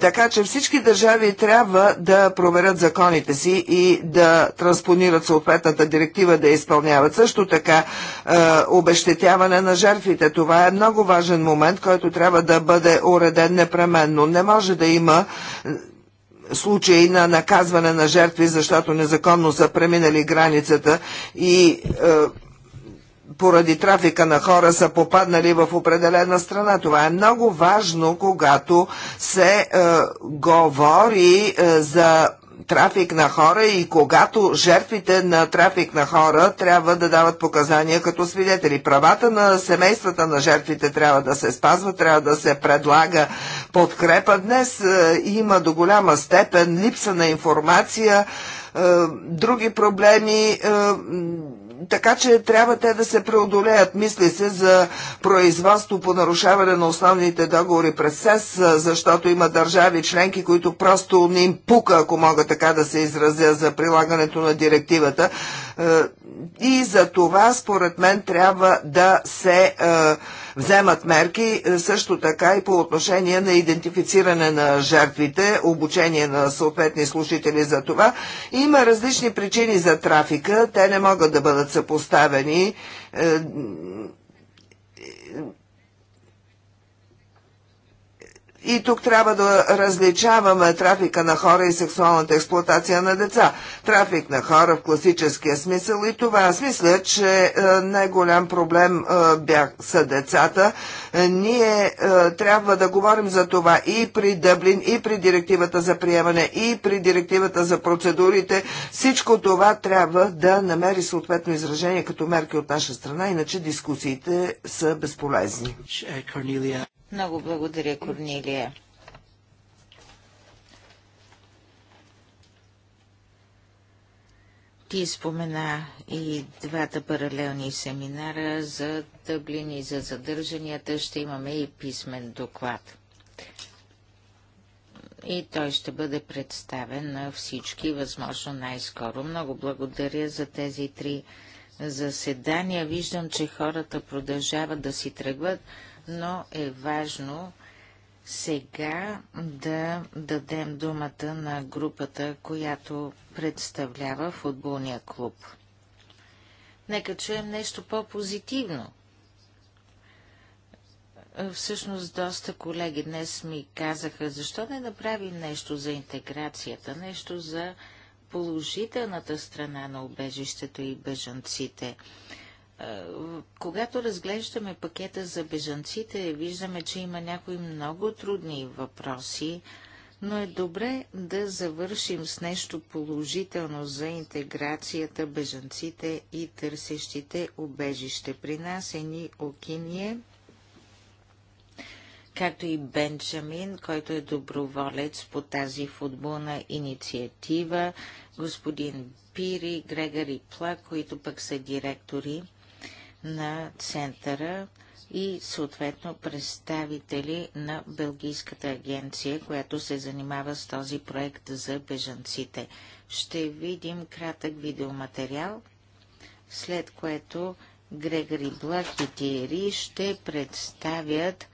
Така че всички държави трябва да проверят законите си и да транспонират съответната директива, да изпълняват. Също така обещетяване на жертвите. Това е много важен момент, който трябва да бъде уреден непременно. Не може да има случаи на наказване на жертви, защото незаконно са преминали границата и е, поради трафика на хора са попаднали в определена страна. Това е много важно, когато се е, говори е, за трафик на хора и когато жертвите на трафик на хора трябва да дават показания като свидетели. Правата на семействата на жертвите трябва да се спазват, трябва да се предлага подкрепа. Днес е, има до голяма степен липса на информация, е, други проблеми е, така че трябва те да се преодолеят. Мисли се за производство по нарушаване на основните договори през СЕС, защото има държави членки, които просто не им пука, ако мога така да се изразя, за прилагането на директивата. Е, и за това, според мен, трябва да се е, вземат мерки е, също така и по отношение на идентифициране на жертвите, обучение на съответни служители за това. Има различни причини за трафика, те не могат да бъдат съпоставени е, и тук трябва да различаваме трафика на хора и сексуалната експлуатация на деца. Трафик на хора в класическия смисъл и това. Аз мисля, че е, най-голям проблем е, бях са децата. Е, ние трябва да говорим за това и при Дъблин, и при директивата за приемане, и при директивата за процедурите. Всичко това трябва да намери съответно изражение като мерки от наша страна, иначе дискусиите са безполезни. Много благодаря, Корнилия. Ти спомена и двата паралелни семинара за Дъблин и за задържанията. Ще имаме и писмен доклад. И той ще бъде представен на всички, възможно най-скоро. Много благодаря за тези три заседания. Виждам, че хората продължават да си тръгват но е важно сега да дадем думата на групата, която представлява футболния клуб. Нека чуем нещо по-позитивно. Всъщност доста колеги днес ми казаха, защо не направим нещо за интеграцията, нещо за положителната страна на убежището и бежанците. Когато разглеждаме пакета за бежанците, виждаме, че има някои много трудни въпроси, но е добре да завършим с нещо положително за интеграцията, бежанците и търсещите убежище. При нас е ни Окиние, както и Бенджамин, който е доброволец по тази футболна инициатива, господин Пири, Грегори Пла, които пък са директори на центъра и съответно представители на Белгийската агенция, която се занимава с този проект за бежанците. Ще видим кратък видеоматериал, след което Грегори Блак и Тиери ще представят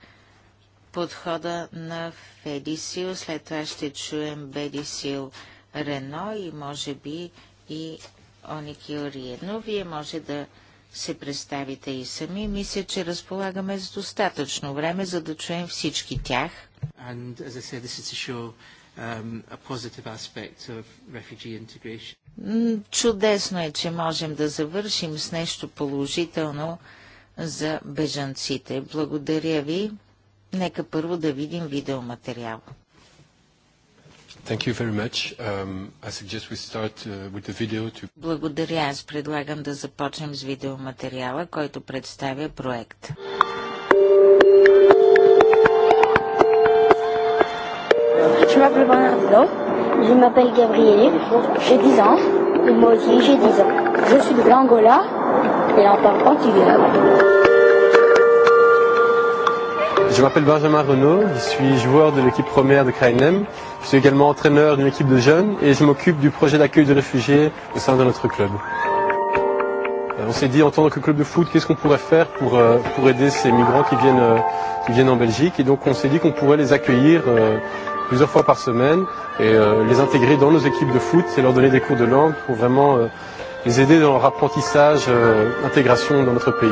подхода на Федисил, след това ще чуем Бедисил Рено и може би и Оникил Риедно. Вие може да се представите и сами. Мисля, че разполагаме с достатъчно време, за да чуем всички тях. And, said, show, um, Чудесно е, че можем да завършим с нещо положително за бежанците. Благодаря ви. Нека първо да видим видеоматериал. Thank you very much. Um, I suggest we start uh, with the video to... Благодаря. Аз предлагам да започнем с видеоматериала, който представя проект. Je m'appelle Bernardo, je m'appelle Gabriel, j'ai 10 ans, et moi aussi j'ai 10 ans. Je suis de l'Angola, et en parle portugais. Je m'appelle Benjamin Renault, je suis joueur de l'équipe première de Krainem. Je suis également entraîneur d'une équipe de jeunes et je m'occupe du projet d'accueil de réfugiés au sein de notre club. On s'est dit en tant que club de foot, qu'est-ce qu'on pourrait faire pour, pour aider ces migrants qui viennent, qui viennent en Belgique. Et donc on s'est dit qu'on pourrait les accueillir plusieurs fois par semaine et les intégrer dans nos équipes de foot et leur donner des cours de langue pour vraiment les aider dans leur apprentissage, intégration dans notre pays.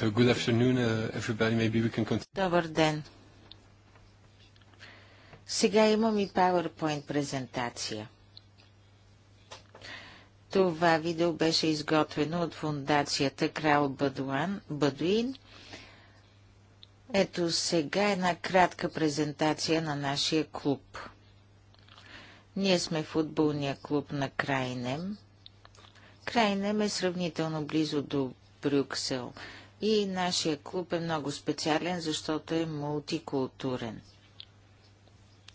Good afternoon, uh, everybody. Maybe we can continue. Добър ден. Сега имам и PowerPoint презентация. Това видео беше изготвено от фундацията Крал Бадуин. Ето сега една кратка презентация на нашия клуб. Ние сме футболния клуб на Крайнем. Крайнем е сравнително близо до Брюксел. И нашия клуб е много специален, защото е мултикултурен.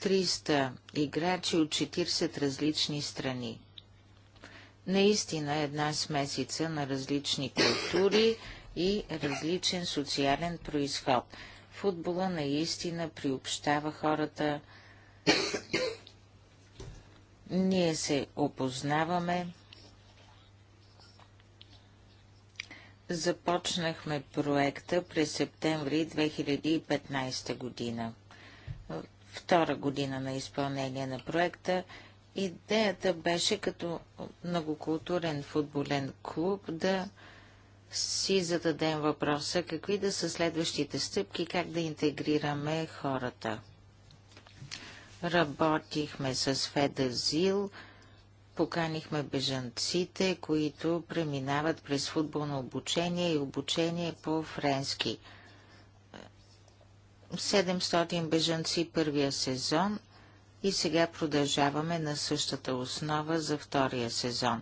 300 играчи от 40 различни страни. Наистина е една смесица на различни култури и различен социален происход. Футбола наистина приобщава хората. Ние се опознаваме, Започнахме проекта през септември 2015 година. Втора година на изпълнение на проекта. Идеята беше като многокултурен футболен клуб да си зададем въпроса какви да са следващите стъпки, как да интегрираме хората. Работихме с Федазил, Зил, Поканихме бежанците, които преминават през футболно обучение и обучение по френски. 700 бежанци първия сезон и сега продължаваме на същата основа за втория сезон.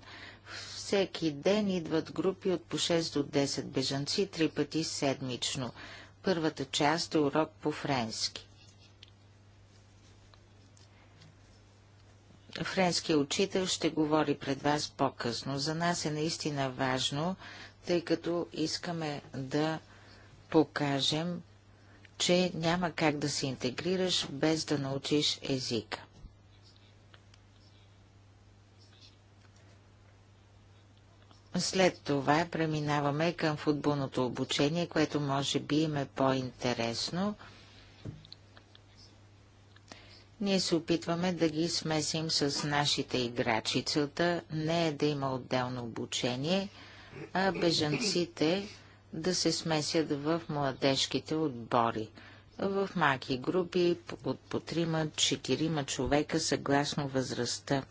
Всеки ден идват групи от по 6 до 10 бежанци, три пъти седмично. Първата част е урок по френски. Френския учител ще говори пред вас по-късно. За нас е наистина важно, тъй като искаме да покажем, че няма как да се интегрираш без да научиш езика. След това преминаваме към футболното обучение, което може би им е по-интересно. Ние се опитваме да ги смесим с нашите играчи. Целта не е да има отделно обучение, а бежанците да се смесят в младежките отбори. В малки групи от по трима, четирима човека съгласно възрастта.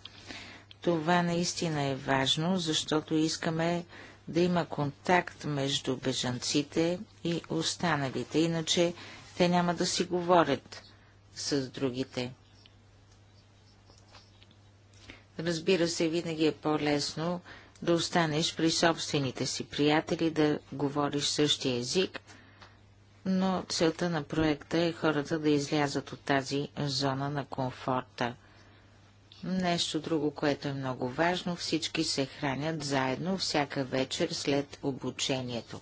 Това наистина е важно, защото искаме да има контакт между бежанците и останалите, иначе те няма да си говорят с другите. Разбира се, винаги е по-лесно да останеш при собствените си приятели, да говориш същия език, но целта на проекта е хората да излязат от тази зона на комфорта. Нещо друго, което е много важно, всички се хранят заедно всяка вечер след обучението.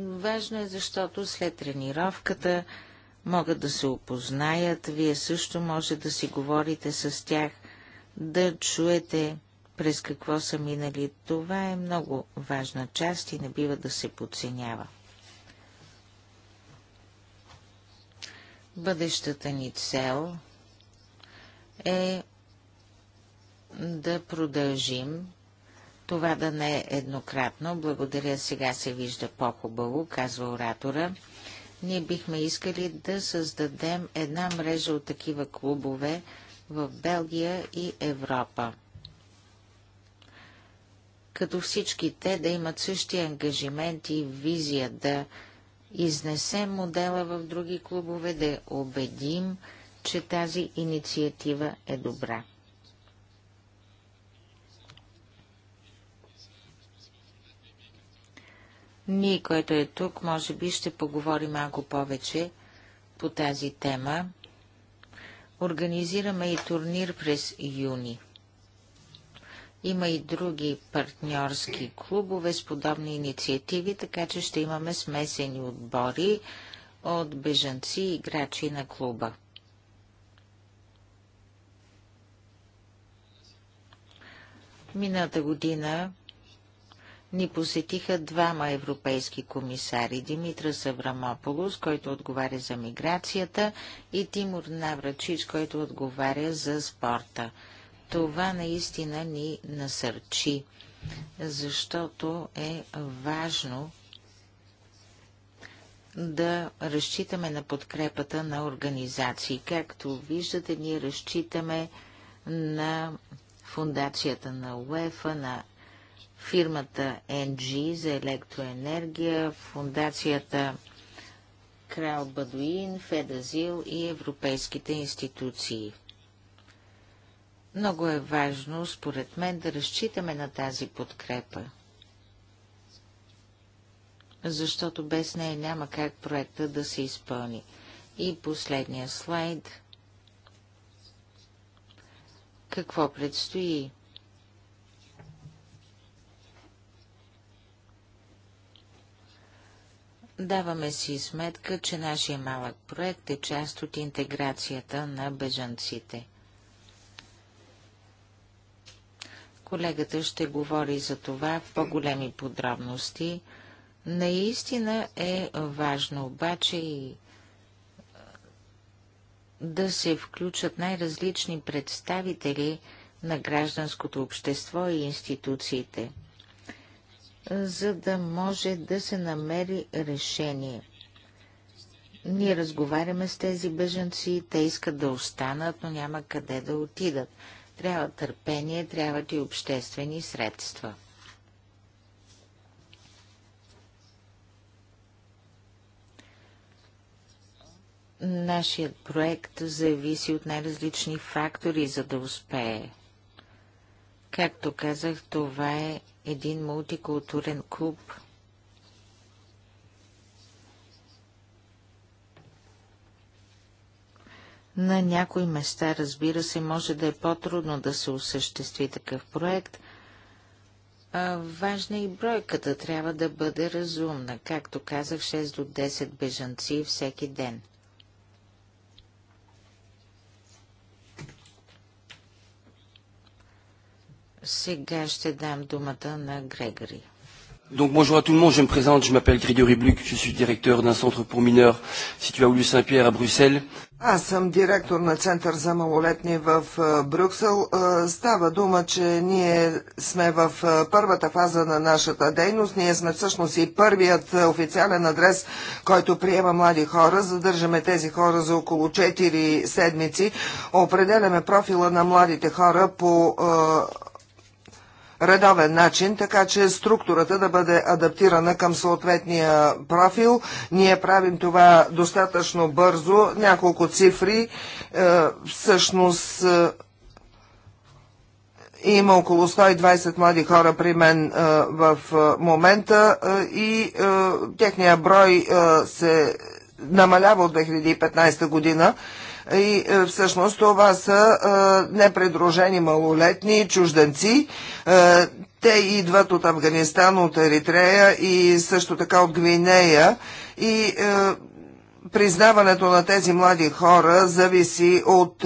Важно е, защото след тренировката могат да се опознаят, вие също може да си говорите с тях, да чуете през какво са минали. Това е много важна част и не бива да се подценява. Бъдещата ни цел е да продължим. Това да не е еднократно. Благодаря, сега се вижда по-хубаво, казва оратора. Ние бихме искали да създадем една мрежа от такива клубове в Белгия и Европа. Като всички те да имат същия ангажимент и визия да изнесем модела в други клубове, да убедим, че тази инициатива е добра. Ние, който е тук, може би ще поговорим малко повече по тази тема. Организираме и турнир през юни. Има и други партньорски клубове с подобни инициативи, така че ще имаме смесени отбори от бежанци и играчи на клуба. Миналата година ни посетиха двама европейски комисари Димитра Саврамополос, който отговаря за миграцията, и Тимур Наврачич, който отговаря за спорта. Това наистина ни насърчи, защото е важно да разчитаме на подкрепата на организации. Както виждате, ние разчитаме на фундацията на УЕФА, на фирмата NG за електроенергия, фундацията Крал Бадуин, Федазил и европейските институции. Много е важно, според мен, да разчитаме на тази подкрепа, защото без нея няма как проекта да се изпълни. И последния слайд. Какво предстои? Даваме си сметка, че нашия малък проект е част от интеграцията на бежанците. Колегата ще говори за това в по-големи подробности. Наистина е важно обаче и е, да се включат най-различни представители на гражданското общество и институциите – за да може да се намери решение. Ние разговаряме с тези бежанци, те искат да останат, но няма къде да отидат. Трябва търпение, трябват и обществени средства. Нашият проект зависи от най-различни фактори, за да успее – Както казах, това е един мултикултурен клуб. На някои места, разбира се, може да е по-трудно да се осъществи такъв проект. А, важна е и бройката трябва да бъде разумна. Както казах, 6 до 10 бежанци всеки ден – Сега ще дам думата на Грегори. Donc bonjour à tout le monde, je me présente, je m'appelle Grégory Bluc, je suis directeur d'un centre pour mineurs situé à Saint-Pierre à Bruxelles. Аз съм директор на Център за малолетни в е, Брюксел. Е, става дума, че ние сме в е, първата фаза на нашата дейност. Ние сме всъщност и първият официален адрес, който приема млади хора. Задържаме тези хора за около 4 седмици. Определяме профила на младите хора по редовен начин, така че структурата да бъде адаптирана към съответния профил. Ние правим това достатъчно бързо. Няколко цифри. Е, всъщност е, има около 120 млади хора при мен е, в момента и техния брой се намалява от 2015 година и е, всъщност това са е, непредружени малолетни чужденци. Е, те идват от Афганистан, от Еритрея и също така от Гвинея и признаването на тези млади хора зависи от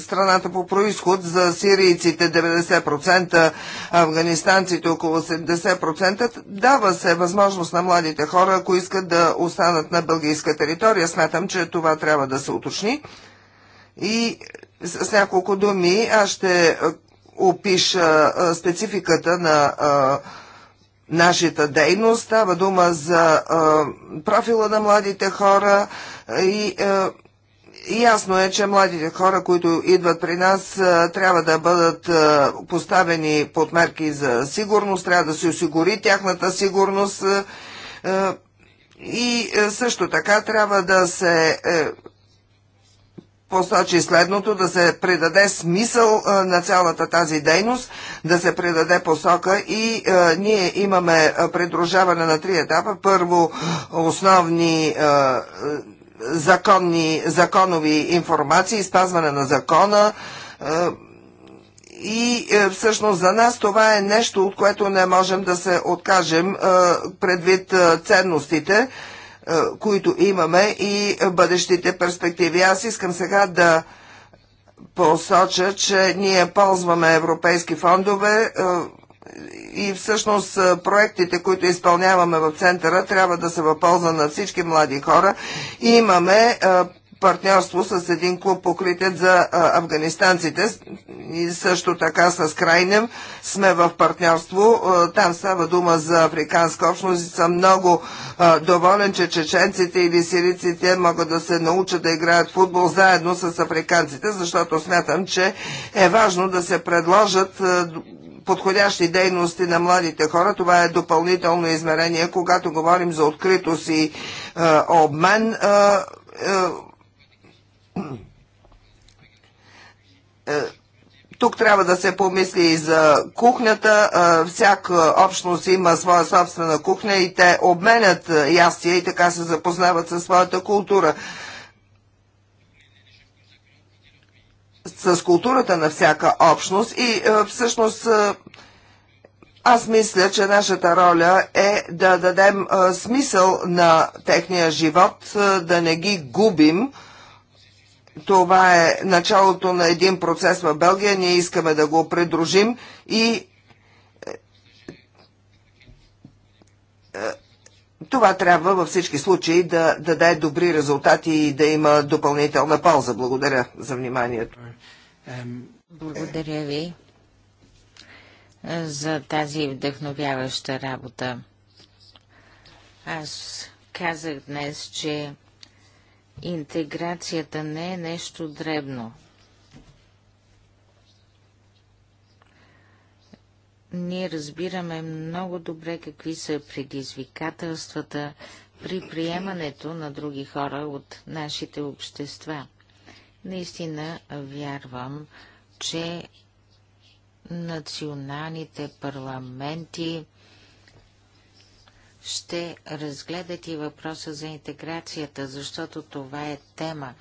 страната по происход, за сирийците 90%, афганистанците около 70%. Дава се възможност на младите хора, ако искат да останат на бългийска територия. Смятам, че това трябва да се уточни. И с няколко думи аз ще е, опиша е, спецификата на е, нашата дейност. Става дума за профила на младите хора и Ясно е, че младите хора, които идват при нас, трябва да бъдат поставени под мерки за сигурност, трябва да се осигури тяхната сигурност и също така трябва да се е, посочи следното, да се предаде смисъл на цялата тази дейност, да се предаде посока и ние имаме придружаване на три етапа. Първо, основни законни, законови информации, спазване на закона. Е, и е, всъщност за нас това е нещо, от което не можем да се откажем е, предвид ценностите, които имаме и бъдещите перспективи. Аз искам сега да посоча, че ние ползваме европейски фондове и всъщност проектите, които изпълняваме в центъра, трябва да са в полза на всички млади хора. И имаме партньорство с един клуб покритет за афганистанците и също така с Крайнем сме в партньорство. Там става дума за африканска общност и съм много доволен, че чеченците или сириците могат да се научат да играят футбол заедно с африканците, защото смятам, че е важно да се предложат подходящи дейности на младите хора. Това е допълнително измерение, когато говорим за откритост и е, обмен. Е, е, е, тук трябва да се помисли и за кухнята. Е, всяка общност има своя собствена кухня и те обменят ястия и така се запознават със своята култура. с културата на всяка общност и е, всъщност е, аз мисля, че нашата роля е да дадем е, смисъл на техния живот, да не ги губим. Това е началото на един процес в Белгия. Ние искаме да го придружим и това трябва във всички случаи да, да даде добри резултати и да има допълнителна полза. Благодаря за вниманието. Благодаря ви е, за тази вдъхновяваща работа. Аз казах днес, че интеграцията не е нещо дребно. Ние разбираме много добре какви са предизвикателствата при приемането на други хора от нашите общества. Наистина вярвам, че националните парламенти ще разгледат и въпроса за интеграцията, защото това е тема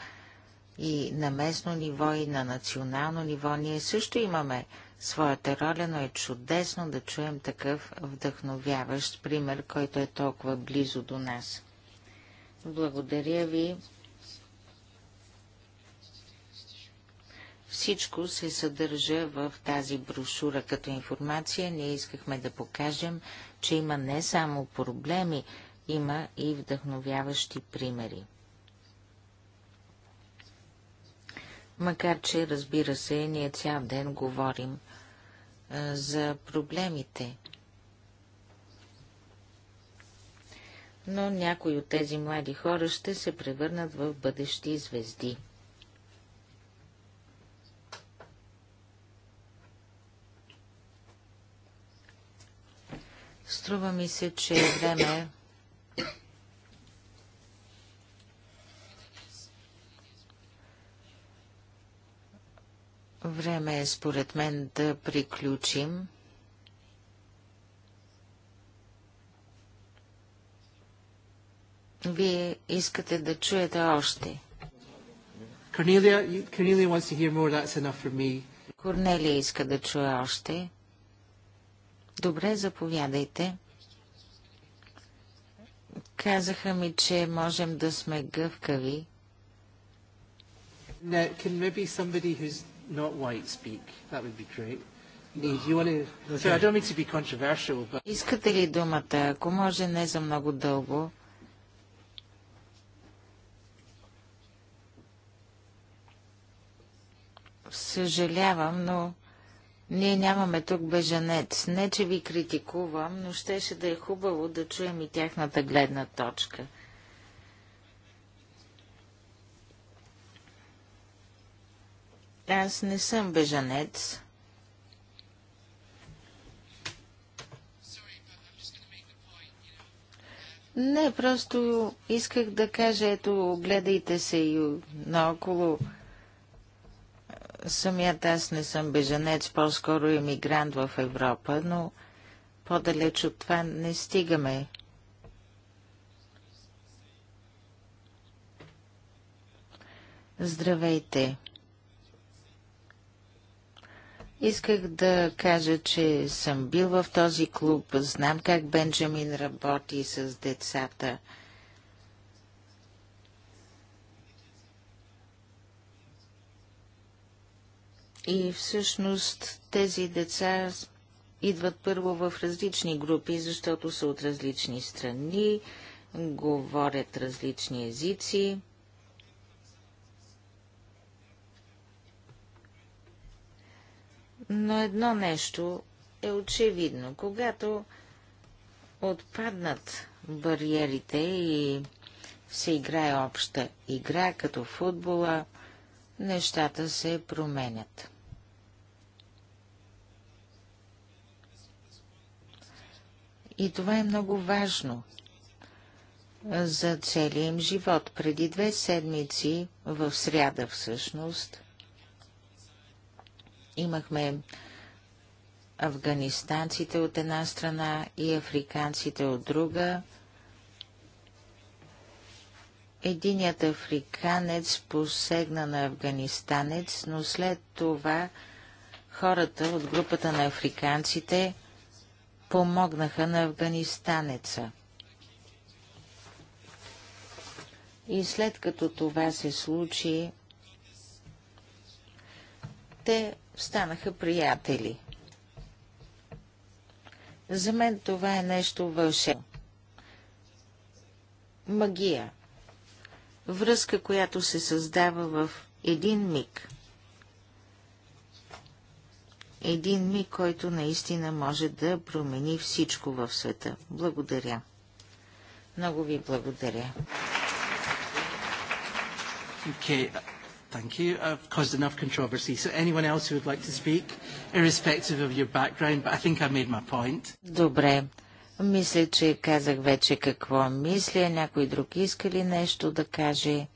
и на местно ниво, и на национално ниво. Ние също имаме своята роля, но е чудесно да чуем такъв вдъхновяващ пример, който е толкова близо до нас. Благодаря ви. Всичко се съдържа в тази брошура като информация. Ние искахме да покажем, че има не само проблеми, има и вдъхновяващи примери. Макар че, разбира се, ние цял ден говорим за проблемите. Но някои от тези млади хора ще се превърнат в бъдещи звезди. Струва ми се, че е време Време е според мен да приключим. Вие искате да чуете още. Cornelia, Cornelia wants to hear more. That's enough for me. Корнелия иска да чуе още. Добре, заповядайте. Казаха ми, че можем да сме гъвкави. Now, can maybe somebody who's not white speak. That would be great. Искате ли думата? Ако може, не за много дълго. Съжалявам, но ние нямаме тук бежанец. Не, че ви критикувам, но щеше да е хубаво да чуем и тяхната гледна точка. Аз не съм бежанец. Не, просто исках да кажа, ето, гледайте се и наоколо. Самият аз не съм бежанец, по-скоро емигрант в Европа, но по-далеч от това не стигаме. Здравейте! Исках да кажа, че съм бил в този клуб, знам как Бенджамин работи с децата. И всъщност тези деца идват първо в различни групи, защото са от различни страни, говорят различни езици. Но едно нещо е очевидно. Когато отпаднат бариерите и се играе обща игра, като футбола, нещата се променят. И това е много важно за целия им живот. Преди две седмици, в сряда всъщност, Имахме афганистанците от една страна и африканците от друга. Единият африканец посегна на афганистанец, но след това хората от групата на африканците помогнаха на афганистанеца. И след като това се случи, те станаха приятели. За мен това е нещо вълшебно. Магия. Връзка, която се създава в един миг. Един миг, който наистина може да промени всичко в света. Благодаря. Много ви благодаря. Okay. Thank you. I've caused enough controversy. So anyone else who would like to speak, irrespective of your background, but I think I made my point. Добре. Мисля, че казах вече какво мисля. Някой друг иска ли нещо да каже?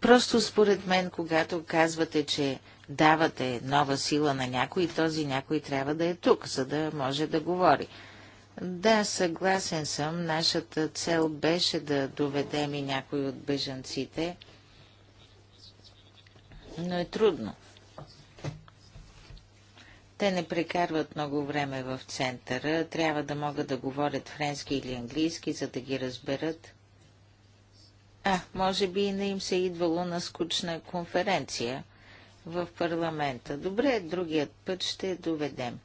Просто според мен, когато казвате, че давате нова сила на някой, този някой трябва да е тук, за да може да говори. Да, съгласен съм. Нашата цел беше да доведем и някой от бежанците, но е трудно. Те не прекарват много време в центъра, трябва да могат да говорят френски или английски, за да ги разберат. А, може би и не им се е идвало на скучна конференция в парламента. Добре, другият път ще доведем.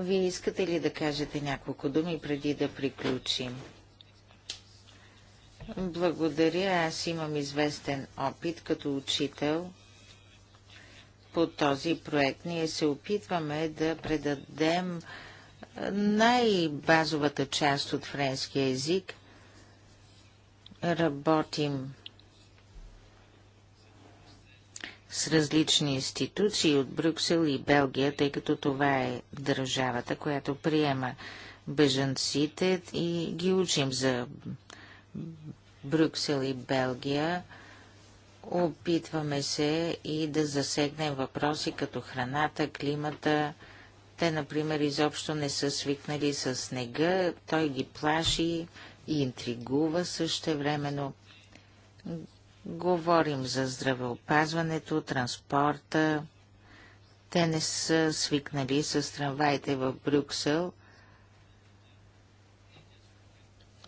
Вие искате ли да кажете няколко думи преди да приключим? Благодаря. Аз имам известен опит като учител по този проект. Ние се опитваме да предадем най-базовата част от френския език. Работим с различни институции от Брюксел и Белгия, тъй като това е държавата, която приема бежанците и ги учим за Брюксел и Белгия. Опитваме се и да засегнем въпроси като храната, климата. Те, например, изобщо не са свикнали с снега. Той ги плаши и интригува също времено. Говорим за здравеопазването, транспорта. Те не са свикнали с трамваите в Брюксел,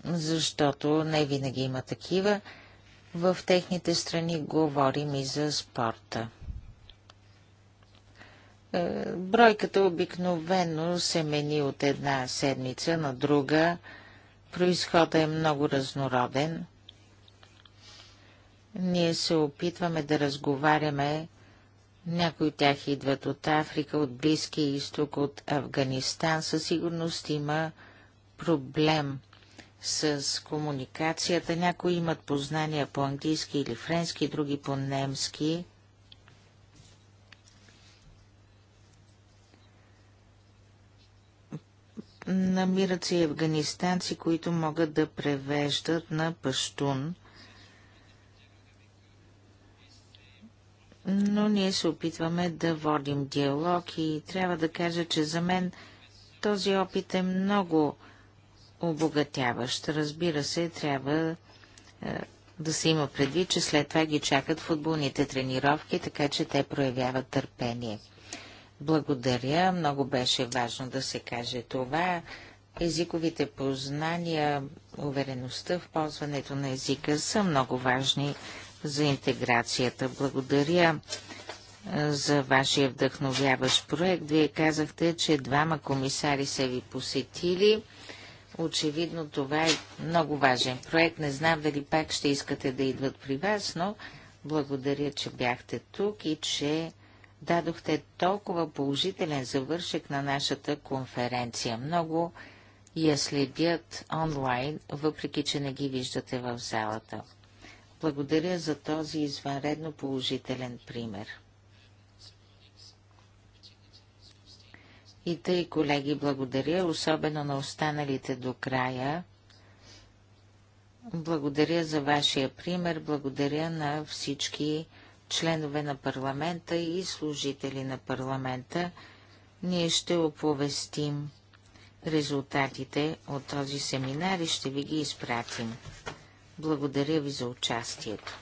защото не винаги има такива. В техните страни говорим и за спорта. Е, бройката обикновено се мени от една седмица на друга. Произходът е много разнороден – ние се опитваме да разговаряме. Някои от тях идват от Африка, от Близкия изток, от Афганистан. Със сигурност има проблем с комуникацията. Някои имат познания по английски или френски, други по немски. Намират се и афганистанци, които могат да превеждат на пъштун – но ние се опитваме да водим диалог и трябва да кажа, че за мен този опит е много обогатяващ. Разбира се, трябва е, да се има предвид, че след това ги чакат футболните тренировки, така че те проявяват търпение. Благодаря, много беше важно да се каже това. Езиковите познания, увереността в ползването на езика са много важни за интеграцията. Благодаря за вашия вдъхновяващ проект. Вие казахте, че двама комисари са ви посетили. Очевидно това е много важен проект. Не знам дали пак ще искате да идват при вас, но благодаря, че бяхте тук и че дадохте толкова положителен завършек на нашата конференция. Много я следят онлайн, въпреки че не ги виждате в залата. Благодаря за този извънредно положителен пример. И тъй, колеги, благодаря, особено на останалите до края. Благодаря за вашия пример, благодаря на всички членове на парламента и служители на парламента. Ние ще оповестим резултатите от този семинар и ще ви ги изпратим. Благодаря ви за участието.